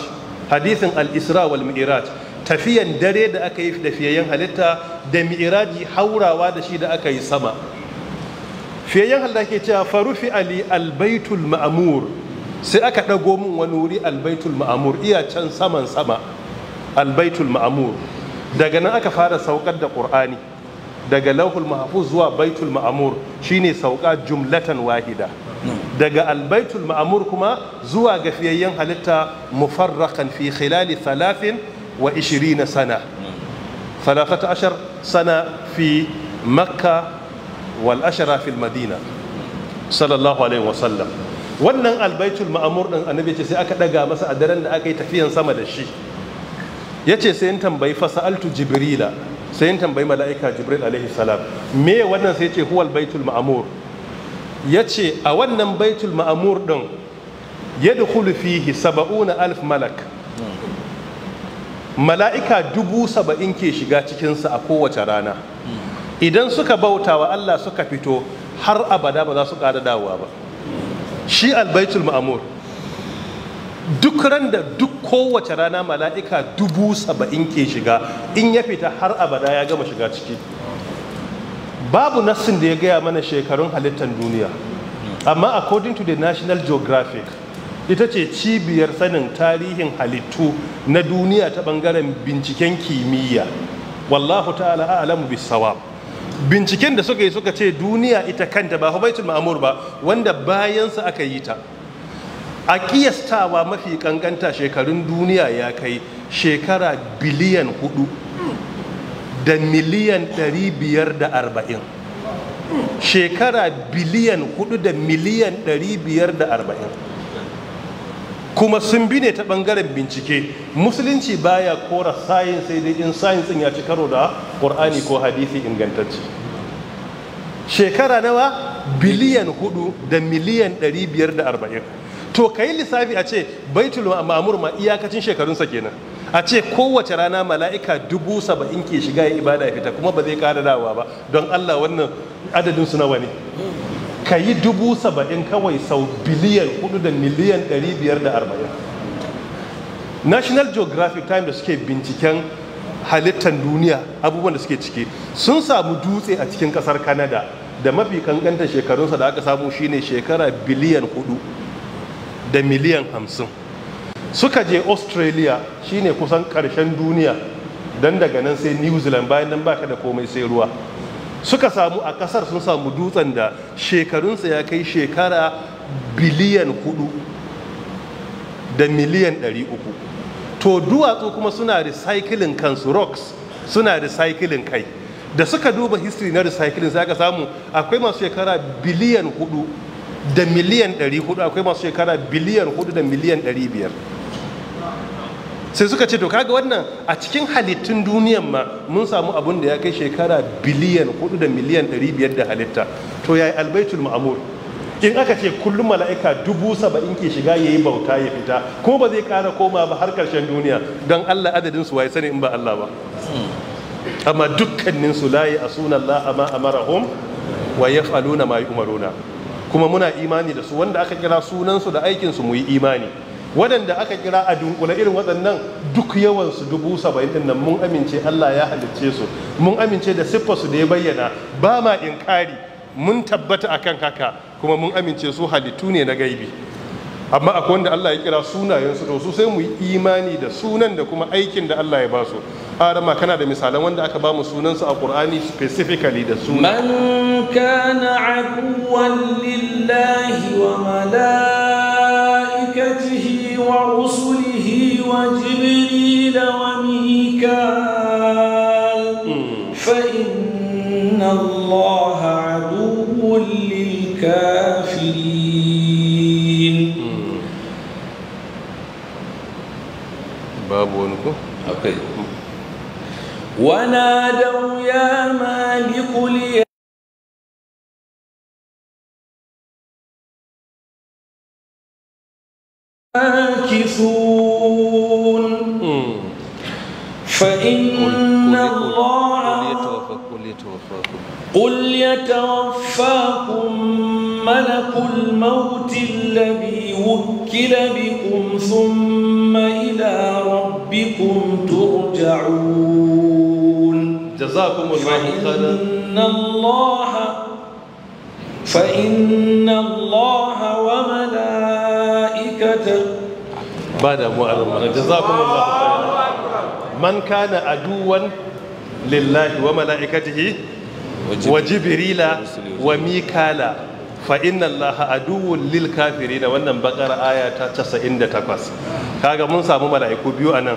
hadisin al-isra wal mi'raj tafiyan dare da aka yi da fiyayyen halitta da mi'raji haurawa da shi da aka yi sama yin halitta ke cewa farufi ali albaitul ma'amur sai aka ɗago min wani wuri albaitul ma'amur iya can saman sama albaitul ma'amur daga nan aka fara saukar da ƙur'ani daga lauhul mahfuz zuwa baitul ma'amur shine sauka jumlatan wahida daga albaitul ma'amur kuma zuwa ga fiyayyen halitta mufarrakan fi khilali thalathin wa ishirina sana thalathata ashar sana fi makka Wal'ashara fil madina sallallahu alaihi wasallam wannan albaitul ma'amur din annabi ce sai aka daga masa a daren da aka yi tafiyan sama da shi ce sai in tambayi fasaltu jibrila sai in tambayi mala'ika jibril alaihi salam me wannan sai ce huwal baitul ma'amur yace a wannan baitul ma'amur din yadkhulu fihi 70 alf malak mala'ika dubu saba'in ke shiga cikinsa a kowace rana idan suka bauta wa Allah suka fito har abada ba za su ƙara dawowa ba shi albaitul ma'amur duk ran da duk kowace rana mala'ika dubu saba'in ke shiga in ya fita har abada ya gama shiga ciki babu nassin da ya gaya mana shekarun halittar duniya amma according to the national geographic ita ce cibiyar sanin tarihin halittu na duniya ta ɓangaren binciken kimiyya wallahu ta'ala a'lamu bis binciken da suka yi suka ce duniya ita kanta ba hubaitul ma'amur ba wanda bayansa aka yi ta a kiyastawa mafi kankanta shekarun duniya ya kai shekara biliyan hudu da miliyan 540 shekara biliyan hudu da miliyan 540 kuma sun bi ne ta ɓangaren bincike musulunci baya kora sayin sai dai in sayin din ya ci karo da qur'ani ko hadisi ingantacci. shekara nawa biliyan hudu da miliyan ɗari biyar da arba'in to ka yi lissafi a ce baitul ma'amur ma iyakacin shekarunsa kenan a ce kowace rana mala'ika dubu saba'in ke shiga ya ibada ya fita kuma ba zai ƙara dawa ba don allah wannan adadin su nawa ne ka yi dubu saba'in kawai sau biliyan hudu da miliyan ɗari biyar da arba'in national geographic time da suke binciken halittar duniya abubuwan da suke ciki sun samu dutse a cikin kasar canada da mafi kankanta shekarunsa da aka samu shine shekara biliyan hudu da miliyan hamsin suka je australia shine kusan karshen duniya dan daga nan sai new zealand bayan nan baka da komai sai ruwa suka samu a kasar sun samu dutsen da shekarunsa ya kai shekara biliyan hudu da miliyan ɗari uku to duwatsu kuma suna recycling kansu rocks suna recycling kai da suka duba history na recycling sai aka samu akwai masu shekara biliyan hudu da miliyan ɗari hudu akwai masu shekara biliyan hudu da miliyan ɗari biyar sai suka ce to kaga wannan a cikin halittun duniyan ma mun samu abun da ya kai shekara biliyan 4 da miliyan 500 da halitta to yayi albaitul ma'mur in aka ce kullum mala'ika dubu saba'in ke shiga ya yi bauta ya fita ko ba zai kara koma ba har karshen duniya don allah adadin su waye sani in ba allah ba amma dukkanin su layi a sunan la amma amarahum wa ya faluna ma yi umaruna kuma muna imani da su wanda aka kira sunansu da aikinsu mu yi imani waɗanda aka kira a dunkula irin waɗannan duk yawansu dubu saba'in ɗin nan mun amince Allah ya halicce su mun amince da siffarsu da ya bayyana ba ma inkari mun tabbata akan haka kuma mun amince su halittu ne na gaibi amma akwai wanda Allah ya kira sunayensu to su sai mu yi imani da sunan da kuma aikin da Allah ya ba su arama kana da misalan wanda aka ba mu sunan su a Qur'ani specifically da sunan man kana abuwan lillahi wa malaikatihi ورسله وجبريل وميكال فإن الله عدو للكافرين باب ونكو أوكي ونادوا يا مالك ليقضي ماكثون فإن الله قل يتوفاكم ملك الموت الذي وكل بكم ثم إلى ربكم ترجعون جزاكم الله خيرا فإن الله فإن الله ba damuwa a rumana jazakumullahu khairan man kana aduwan lillahi wa mala'ikatihi wa jibrila wa mikala fa inna allaha aduwwun lil kafirin wannan bakara aya ta Ka ga mun samu mala'iku biyu a nan.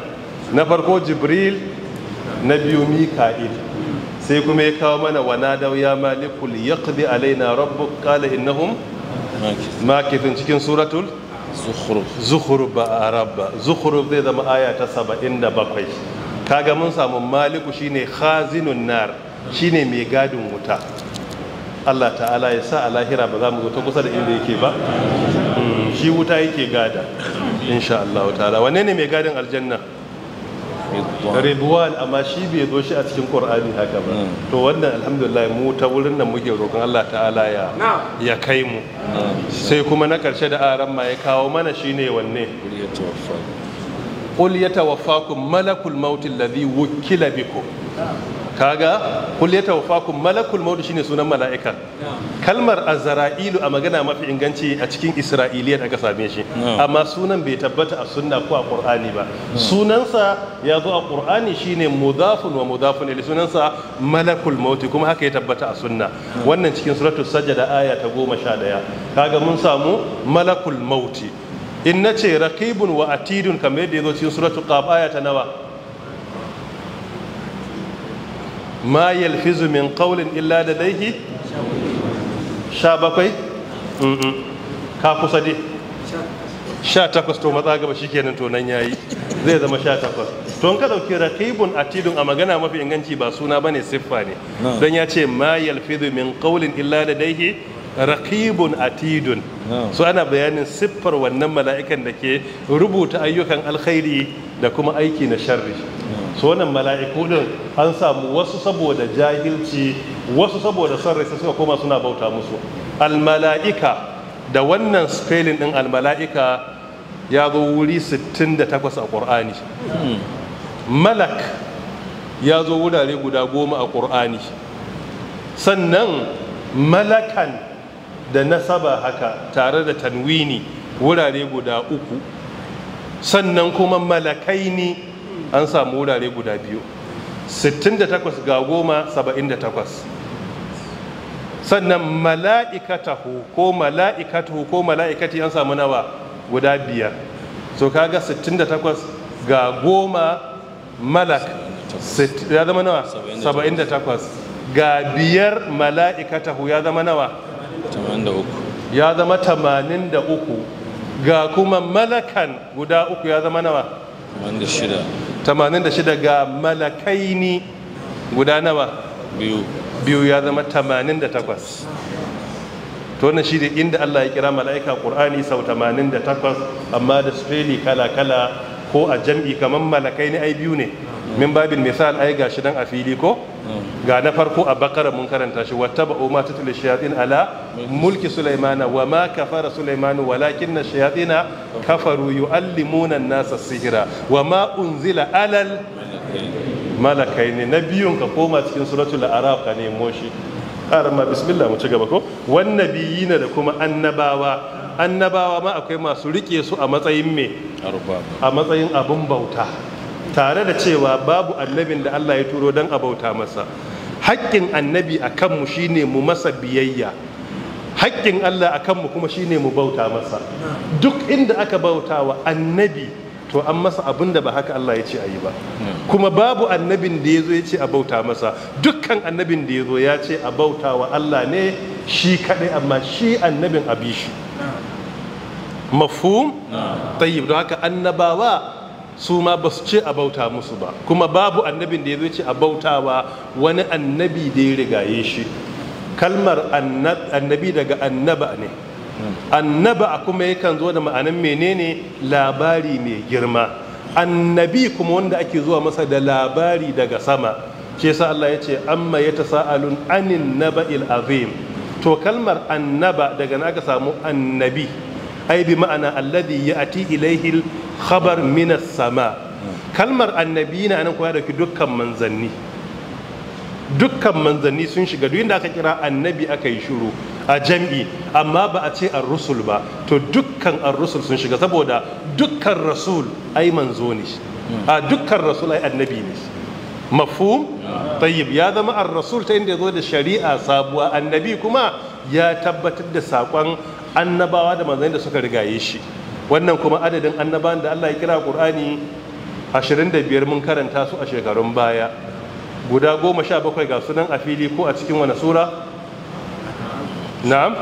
na farko jibril na biyu mika'il sai kuma ya kawo mana wana da ya malikul yaqdi alaina rabbuk qala innahum makifin cikin suratul zukhruf ba arab zukhruf zai zama aya ta 77 kaga mun samu maliku shine khazinun nar shine mai gadin wuta Allah ta'ala ya sa a lahira ba za mu zo ta kusa da inda yake ba hmm, shi wuta yake gada insha Allah ta'ala wanne ne mai gadin aljanna ridwan amma shi bai zo shi a cikin qur'ani haka ba hmm. to wannan alhamdulillah mu ta wurin nan muke roƙon Allah ta'ala ya ya kai mu sai kuma na karshe da aran ma ya kawo mana shine wanne qul yatawaffakum malakul maut alladhi wukila bikum kaga kul ya tawfakum malakul maut shine sunan mala'ika kalmar azra'ilu a magana mafi inganci a cikin da aka same shi amma sunan bai tabbata a sunna ko a qur'ani ba sunansa ya zo a qur'ani shine mudafun wa mudafun ilayhi sunansa malakul maut kuma haka ya tabbata a sunna wannan cikin suratul sajda aya ta 11 kaga mun samu malakul maut in nace raqibun wa atidun kamar yadda ya zo cikin suratul qaf aya ta nawa ma yalfizu min qawlin illa ladayhi sha bakwai ka kusa dai sha takwas to matsa gaba shikenan to nan yayi zai zama sha takwas to ka dauki raqibun atidun a magana mafi inganci ba suna bane siffa ne dan ya ce ma yalfidu min qawlin illa ladayhi raqibun atidun Su ana bayanin siffar wannan mala'ikan da ke rubuta ayyukan alkhairi da kuma aiki na sharri so wannan mala'iku din an samu wasu saboda jahilci wasu saboda son rai suka koma suna bauta musu Al-mala'ika, da wannan spelling din al-mala'ika, ya zo wuri 68 a ƙur'ani malak ya zo wurare guda goma a ƙur'ani sannan malakan da nasaba haka tare da tanwini wurare guda uku sannan kuma malakai ne. an samu wurare guda biyu 68 ga goma 78 sannan mala'ikatahu ko mala'ikatahu ko mala'ikati an samu nawa guda biyar so kaga 68 ga goma malak ya zama nawa 78 ga biyar mala'ikatahu ya zama nawa 83 ya zama 83 ga kuma malakan guda uku ya zama nawa 86 ga malakaini guda nawa biyu ya zama 88 to wannan shi ne inda Allah ya kira mala'ika Qur'ani sau 88 amma da sufeli kala kala ko a jam'i kamar malakai ne ai biyu ne min babin misal ai gashi dan a fili ko ga na farko a bakara mun karanta shi wata ba ta tutul shayatin ala mulki sulaimana wa ma kafara sulaimanu walakinna shayatina kafaru yuallimuna an-nasa sihra wa ma unzila alal malakai ne na biyun ka koma cikin suratul araf ka nemo shi ma bismillah mu ci gaba ko wannabiyina da kuma annabawa annabawa ma akwai masu rike su a matsayin me a matsayin abun bauta tare da cewa babu annabin da Allah ya turo don a bauta masa haƙƙin annabi a kanmu shine mu masa biyayya haƙƙin Allah a kanmu kuma shine mu bauta masa duk inda aka bauta wa annabi to an masa abin da ba haka Allah ya ce a yi ba kuma babu annabin da ya zo ya ce a bauta masa dukkan annabin da ya zo ya ce a bauta wa Allah ne shi kaɗai amma shi annabin abishi. Mafu, mafhum tayyib don haka annabawa su ma ba su ce a bauta musu ba kuma babu annabin da ya zo ce a bautawa wani annabi da ya rigaye shi kalmar annabi daga annaba ne annaba kuma yakan zo da ma'anan menene labari mai girma annabi kuma wanda ake zuwa masa da labari daga sama ce sa Allah ya ce amma ya tasa'alun anin naba'il azim to kalmar annaba daga na ka samu annabi ai bi ma'ana alladhi ya'ti ilaihi khabar minas sama kalmar annabi na nan kuma daki dauki dukkan manzanni dukkan manzanni sun shiga duk inda aka kira annabi aka yi shuru a jam'i amma ba a ce an rusul ba to dukkan an rusul sun shiga saboda dukkan rasul ai manzo ne a dukkan rasul ai annabi ne mafhum tayyib ya zama an rasul ta inda ya zo da shari'a sabuwa annabi kuma ya tabbatar da saƙon annabawa da manzanni da suka rigaye shi wannan kuma adadin annaban da Allah ya kira Qur'ani 25 mun karanta su a shekarun baya guda 17 ga sunan a fili ko a cikin wani sura na'am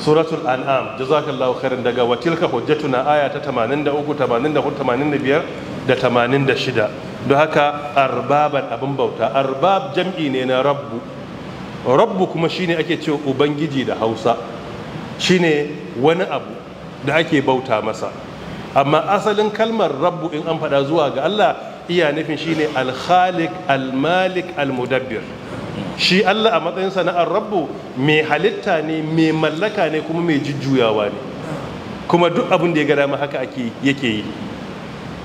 suratul an'am jazakallahu khairan daga watilka hujjatuna aya ta 83 84 85 da 86 don haka arbaban abin bauta arbab jam'i ne na rabbu rabbu kuma shine ake cewa ubangiji da hausa shine wani abu da ake bauta masa amma asalin kalmar rabbu in an faɗa zuwa ga Allah iya nufin shine al-khaliq al-malik al-mudabbir shi Allah a matsayin sana'ar rabbu mai halitta ne mai mallaka ne kuma mai jujjuyawa ne kuma duk abin da ya ga dama haka ake yake yi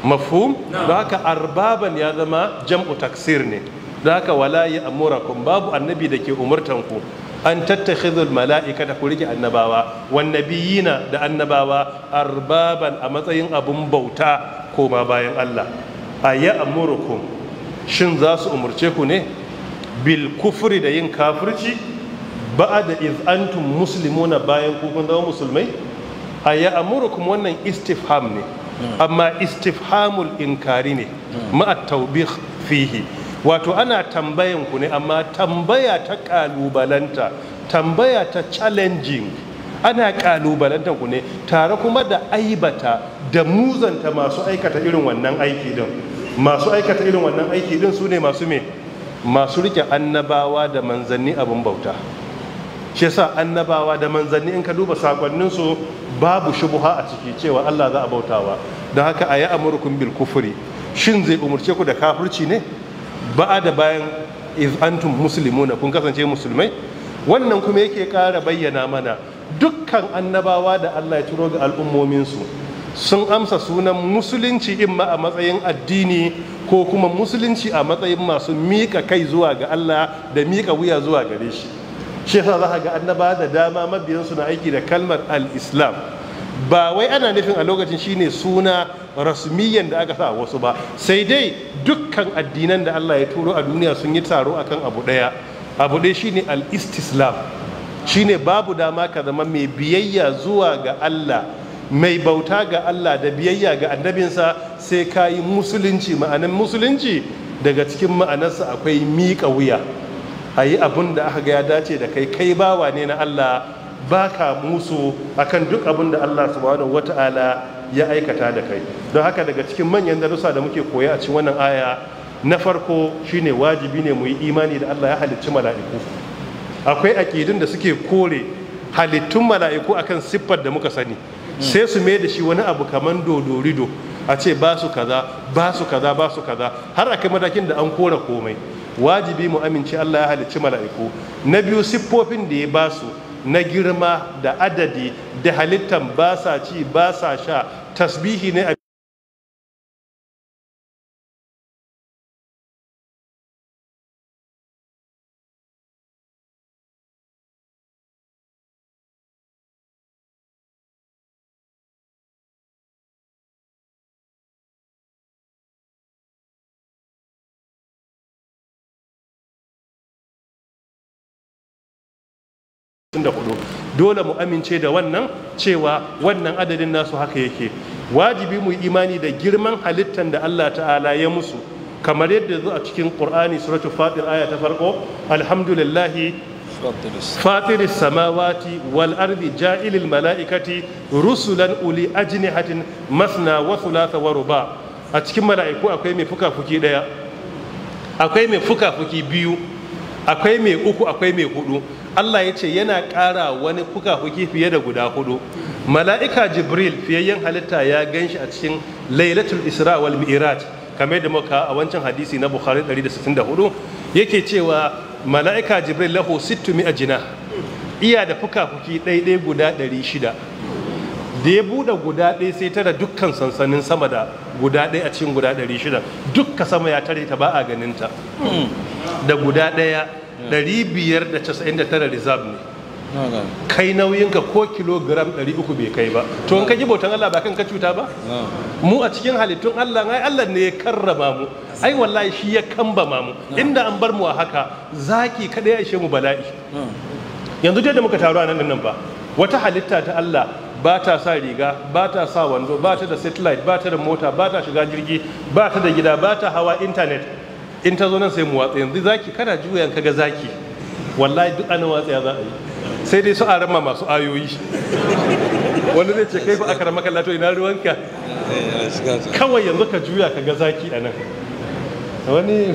mafhum don haka arbaban ya zama jam'u taksir ne don haka wala ya amurakum babu annabi da ke umurtanku an tattakhidhul mala'ika da rike annabawa wan nabiyina da annabawa arbaban a matsayin abun bauta koma bayan Allah ayya amurukum shin za su umurce ku ne bil kufri da yin kafirci ba'da iz antum muslimuna bayan ku kun zama musulmai ayya amurukum wannan istifham ne hmm. amma istifhamul inkari ne hmm. ma'a tawbih fihi wato ana tambayan ku ne amma tambaya ta kalubalanta tambaya ta challenging ana kalubalanta ku ne tare kuma da aibata da muzanta masu aikata irin wannan aiki din masu aikata irin wannan aiki din su ne masu me masu rike annabawa da manzanni abin bauta shi yasa annabawa da manzanni in ka duba sakonninsu babu shubuha a ciki cewa Allah za a bautawa don haka a yi amurkun bil kufuri shin zai umarce ku da kafirci ne ba'a da bayan iz antum muslimuna kun kasance musulmai wannan kuma yake ƙara bayyana mana dukkan annabawa da Allah ya turo ga al'ummominsu sun amsa sunan musulunci imma a matsayin addini ko kuma musulunci a matsayin masu miƙa kai zuwa ga Allah da miƙa wuya zuwa gare shi shi yasa za ga annabawa da dama mabiyansu na aiki da kalmar al-islam ba wai ana nufin a lokacin shine suna rasmiyan da aka sa wasu ba sai dai dukkan addinan da Allah ya turo a duniya sun yi taro akan abu daya abu daya shine al-istislam shine babu dama ka zama mai biyayya zuwa ga Allah mai bauta ga Allah da biyayya ga annabinsa sai ka yi musulunci ma'anin musulunci daga cikin ma'anarsa akwai miƙa wuya a yi abin da aka ga ya dace da kai kai bawa ne na Allah ba ka musu akan duk abin da Allah subhanahu wata'ala ya aikata da kai don haka daga cikin manyan darussa da muke koya a cikin wannan aya na farko shine wajibi ne mu yi imani da Allah ya halicci mala'iku akwai aƙidun da suke kore halittun mala'iku akan siffar da muka sani sai su mai da shi wani abu kaman dodorido a ce ba su kaza ba su kaza ba su kaza har akai matakin da an kora komai wajibi mu amince Allah ya halicci mala'iku na biyu siffofin da ya ba su na girma da adadi da halittan ba sa ci ba sa sha tasbihi ne dole mu amince da wannan cewa wannan adadin nasu haka yake wajibi mu imani da girman halittan da Allah ta'ala ya musu kamar yadda zo a cikin Qur'ani suratu Fatir aya ta farko alhamdulillahi fatiris samawati wal arzi ja'ilil mala'ikati rusulan uli ajnihatin masna wasu thulatha wa a cikin mala'iku akwai mai fuka-fuki daya akwai mai fuka-fuki biyu akwai mai uku akwai mai hudu Allah ya ce yana ƙara wani fuka-fuki fiye da guda hudu mala'ika jibril yin halitta ya gan shi a cikin lailatul isra wal mi'raj kamar da muka a wancan hadisi na bukhari 164 yake cewa mala'ika jibril lahu sittu mi'a jina iya da fuka-fuki ɗaiɗai guda shida. da ya buɗe guda ɗaya sai tara dukkan sansanin sama da guda ɗaya a cikin guda ɗari shida. dukka sama ya tare ta ba a ganinta da guda ɗaya biyar da da casa'in tara reserve ne kai nauyinka ko kilogram 300 bai kai ba to in ka ji bautan Allah ba kan ka cuta ba mu a cikin halittun Allah ai Allah ne ya karrama mu ai wallahi shi ya kambama mu inda an bar mu a haka zaki kada ya ishe mu bala'i yanzu dai da muka taru a nan nan ba wata halitta ta Allah ba ta sa riga ba ta sa wando ba ta da satellite ba ta da mota ba ta shiga jirgi ba ta da gida ba ta hawa intanet in ta zo nan sai mu watsa yanzu zaki kana juyan kaga zaki wallahi duk ana watsa za a yi sai dai su arama masu ayoyi wani zai ce kai fa aka ramaka lato ina ruwanka kawai yanzu ka juya ka ga zaki a nan wani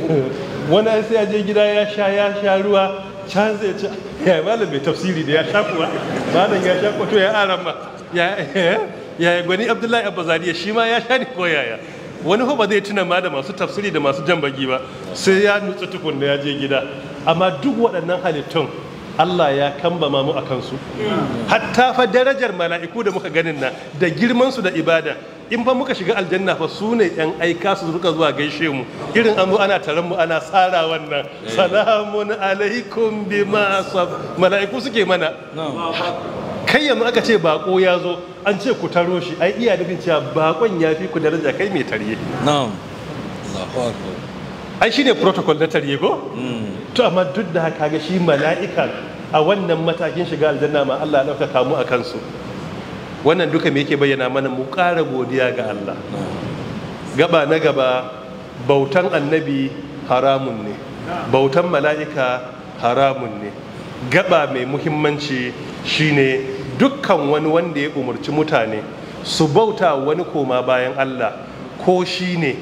wani sai ya je gida ya sha ya sha ruwa can zai ce ya malam mai tafsiri da ya sha kuwa malam ya sha kwato ya arama ya eh, gwani abdullahi abbazariya shi ma ya sha ne ko yaya wani ho ba zai tuna ma da masu tafsiri da masu jan bagi ba sai ya nutsu tukunna ya je gida amma duk waɗannan halittun Allah ya kambama mu a kansu mm. hatta fa darajar mala'iku da muka ganin na da girman su da ibada in fa muka shiga aljanna fa su ne yan aika su suka zuwa gaishe mu irin an zo ana taron mu ana tsara wannan eh. salamun alaikum bima sab mala'iku suke mana kai yanzu aka ce bako ya zo an ce ku taro shi ai iya da cewa bakon ya fi ku daraja kai mai tarye na'am ai shine protocol na tarye ko hmm. to amma duk da haka ga shi mala'ika a wannan matakin shiga aljanna ma Allah ya dauka kamu a kansu wannan duka me yake bayyana mana mu ƙara godiya ga Allah gaba na gaba bautan annabi haramun ne bautan mala'ika haramun ne gaba mai muhimmanci shine dukkan wani wanda ya umarci mutane su bauta wani koma bayan Allah ko shi ne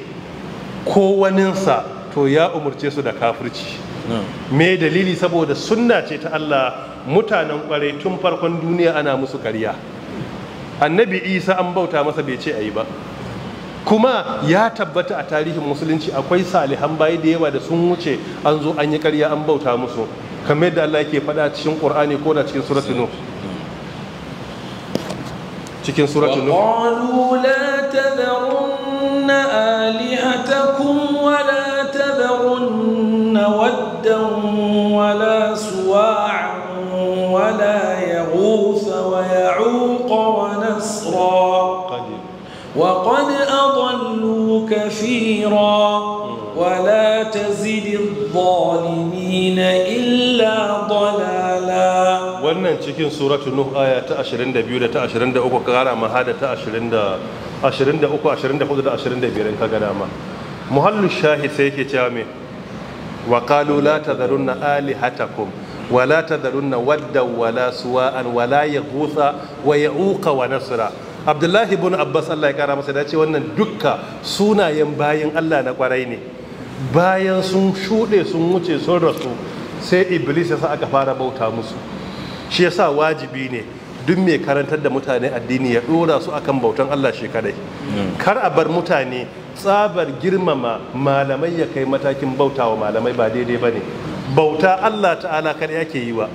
ko waninsa to ya umarce su da kafirci me dalili saboda sunna ce ta Allah mutanen kwarai tun farkon duniya ana musu karya annabi isa an bauta masa bai ce a yi ba kuma ya tabbata a tarihin musulunci akwai salihan bayi da yawa da sun wuce an zo an yi karya an bauta musu kamar yadda Allah ke faɗa cikin Qur'ani ko da cikin suratul nuh cikin suratul nuh qalu la tadharunna alihatakum wa la tadharunna waddan wa la suwa'an wa la ويعوق ونسرا وقد أضلوا كثيرا ولا تزد الظالمين إلا ضلالا wannan cikin suratu nuh aya ta 22 da ta 23 ka gara ma hada ta 20 da 23 24 da 25 ka ga dama muhallu shahid sai yake cewa me wa qalu la tadharunna alihatakum wala tadharunna wadda wala suwa'an wala husa wa uka wa nasra abdullahi bin abbas Allah ya kara masa dace wannan dukka sunayen bayan Allah na kwarai ne bayan sun shuɗe sun wuce sun rasu sai iblis ya sa aka fara bauta musu shi yasa wajibi ne duk mai karantar da mutane addini ya ɗora su akan bautan Allah shi kadai kar a bar mutane tsabar girmama malamai ya kai matakin bautawa malamai ba daidai ba ne bauta Allah ta'ala kada yake yi wa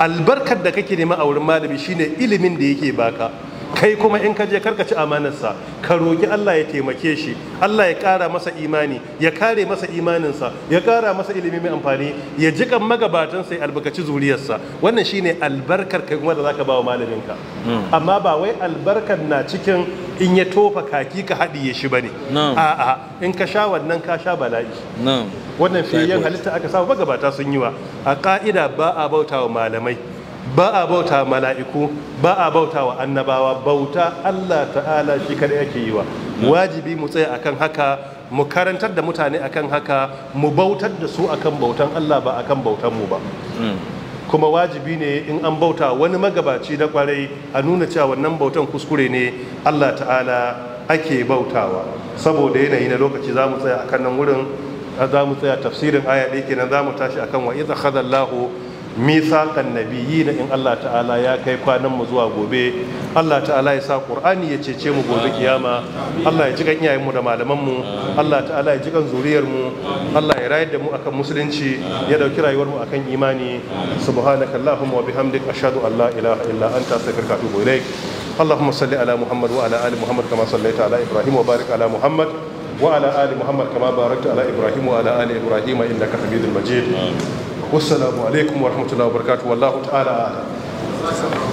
albarkar da kake nema a wurin malami shine ilimin da yake baka kai kuma in ka je karkaci amanarsa ka roki Allah ya taimake shi Allah ya ƙara masa imani ya kare masa imaninsa ya ƙara masa ilimi mai amfani ya kan magabatansa ya albarkaci zuriyarsa wannan shine albarkar kai kuma da zaka ba wa malaminka hmm. amma ba wai albarkar na cikin in ya tofa kaki ka haɗiye shi ba bane a'a in ka sha wannan ka sha bala'i wannan fiyayyen halitta aka samu magabata sun yi wa a ka'ida ba a bauta wa malamai ba a bauta mala'iku ba a bauta wa annabawa bauta Allah ta'ala shi kada yake yi wa wajibi mu tsaya akan haka mu karantar da mutane akan haka mu bautar da su akan bautan Allah ba akan bautan mu ba kuma wajibi ne in an bauta wani magabaci da kwarai a nuna cewa wannan bautan kuskure ne Allah ta'ala ake bautawa saboda yanayi na lokaci za mu tsaya akan nan wurin za mu tsaya tafsirin aya ɗaya kenan za mu tashi akan wa iza khadallahu misakan nabiyyi na in Allah ta'ala ya kai kwanan mu zuwa gobe Allah ta'ala ya sa Qur'ani ya cece mu gobe kiyama Allah ya ji kan iyayen mu da malaman mu Allah ta'ala ya ji kan zuriyar mu Allah ya rayar da mu akan musulunci ya dauki rayuwar mu akan imani subhanakallahumma wa bihamdik ashhadu an la ilaha illa anta astaghfiruka wa atubu ilaik اللهم صل على محمد وعلى ال محمد كما صليت على ابراهيم وبارك على محمد وعلى ال محمد كما باركت على ابراهيم وعلى ال ابراهيم انك حميد مجيد wassalamu alaikum wa rahmatullahi wa barakatuh wallahu ta'ala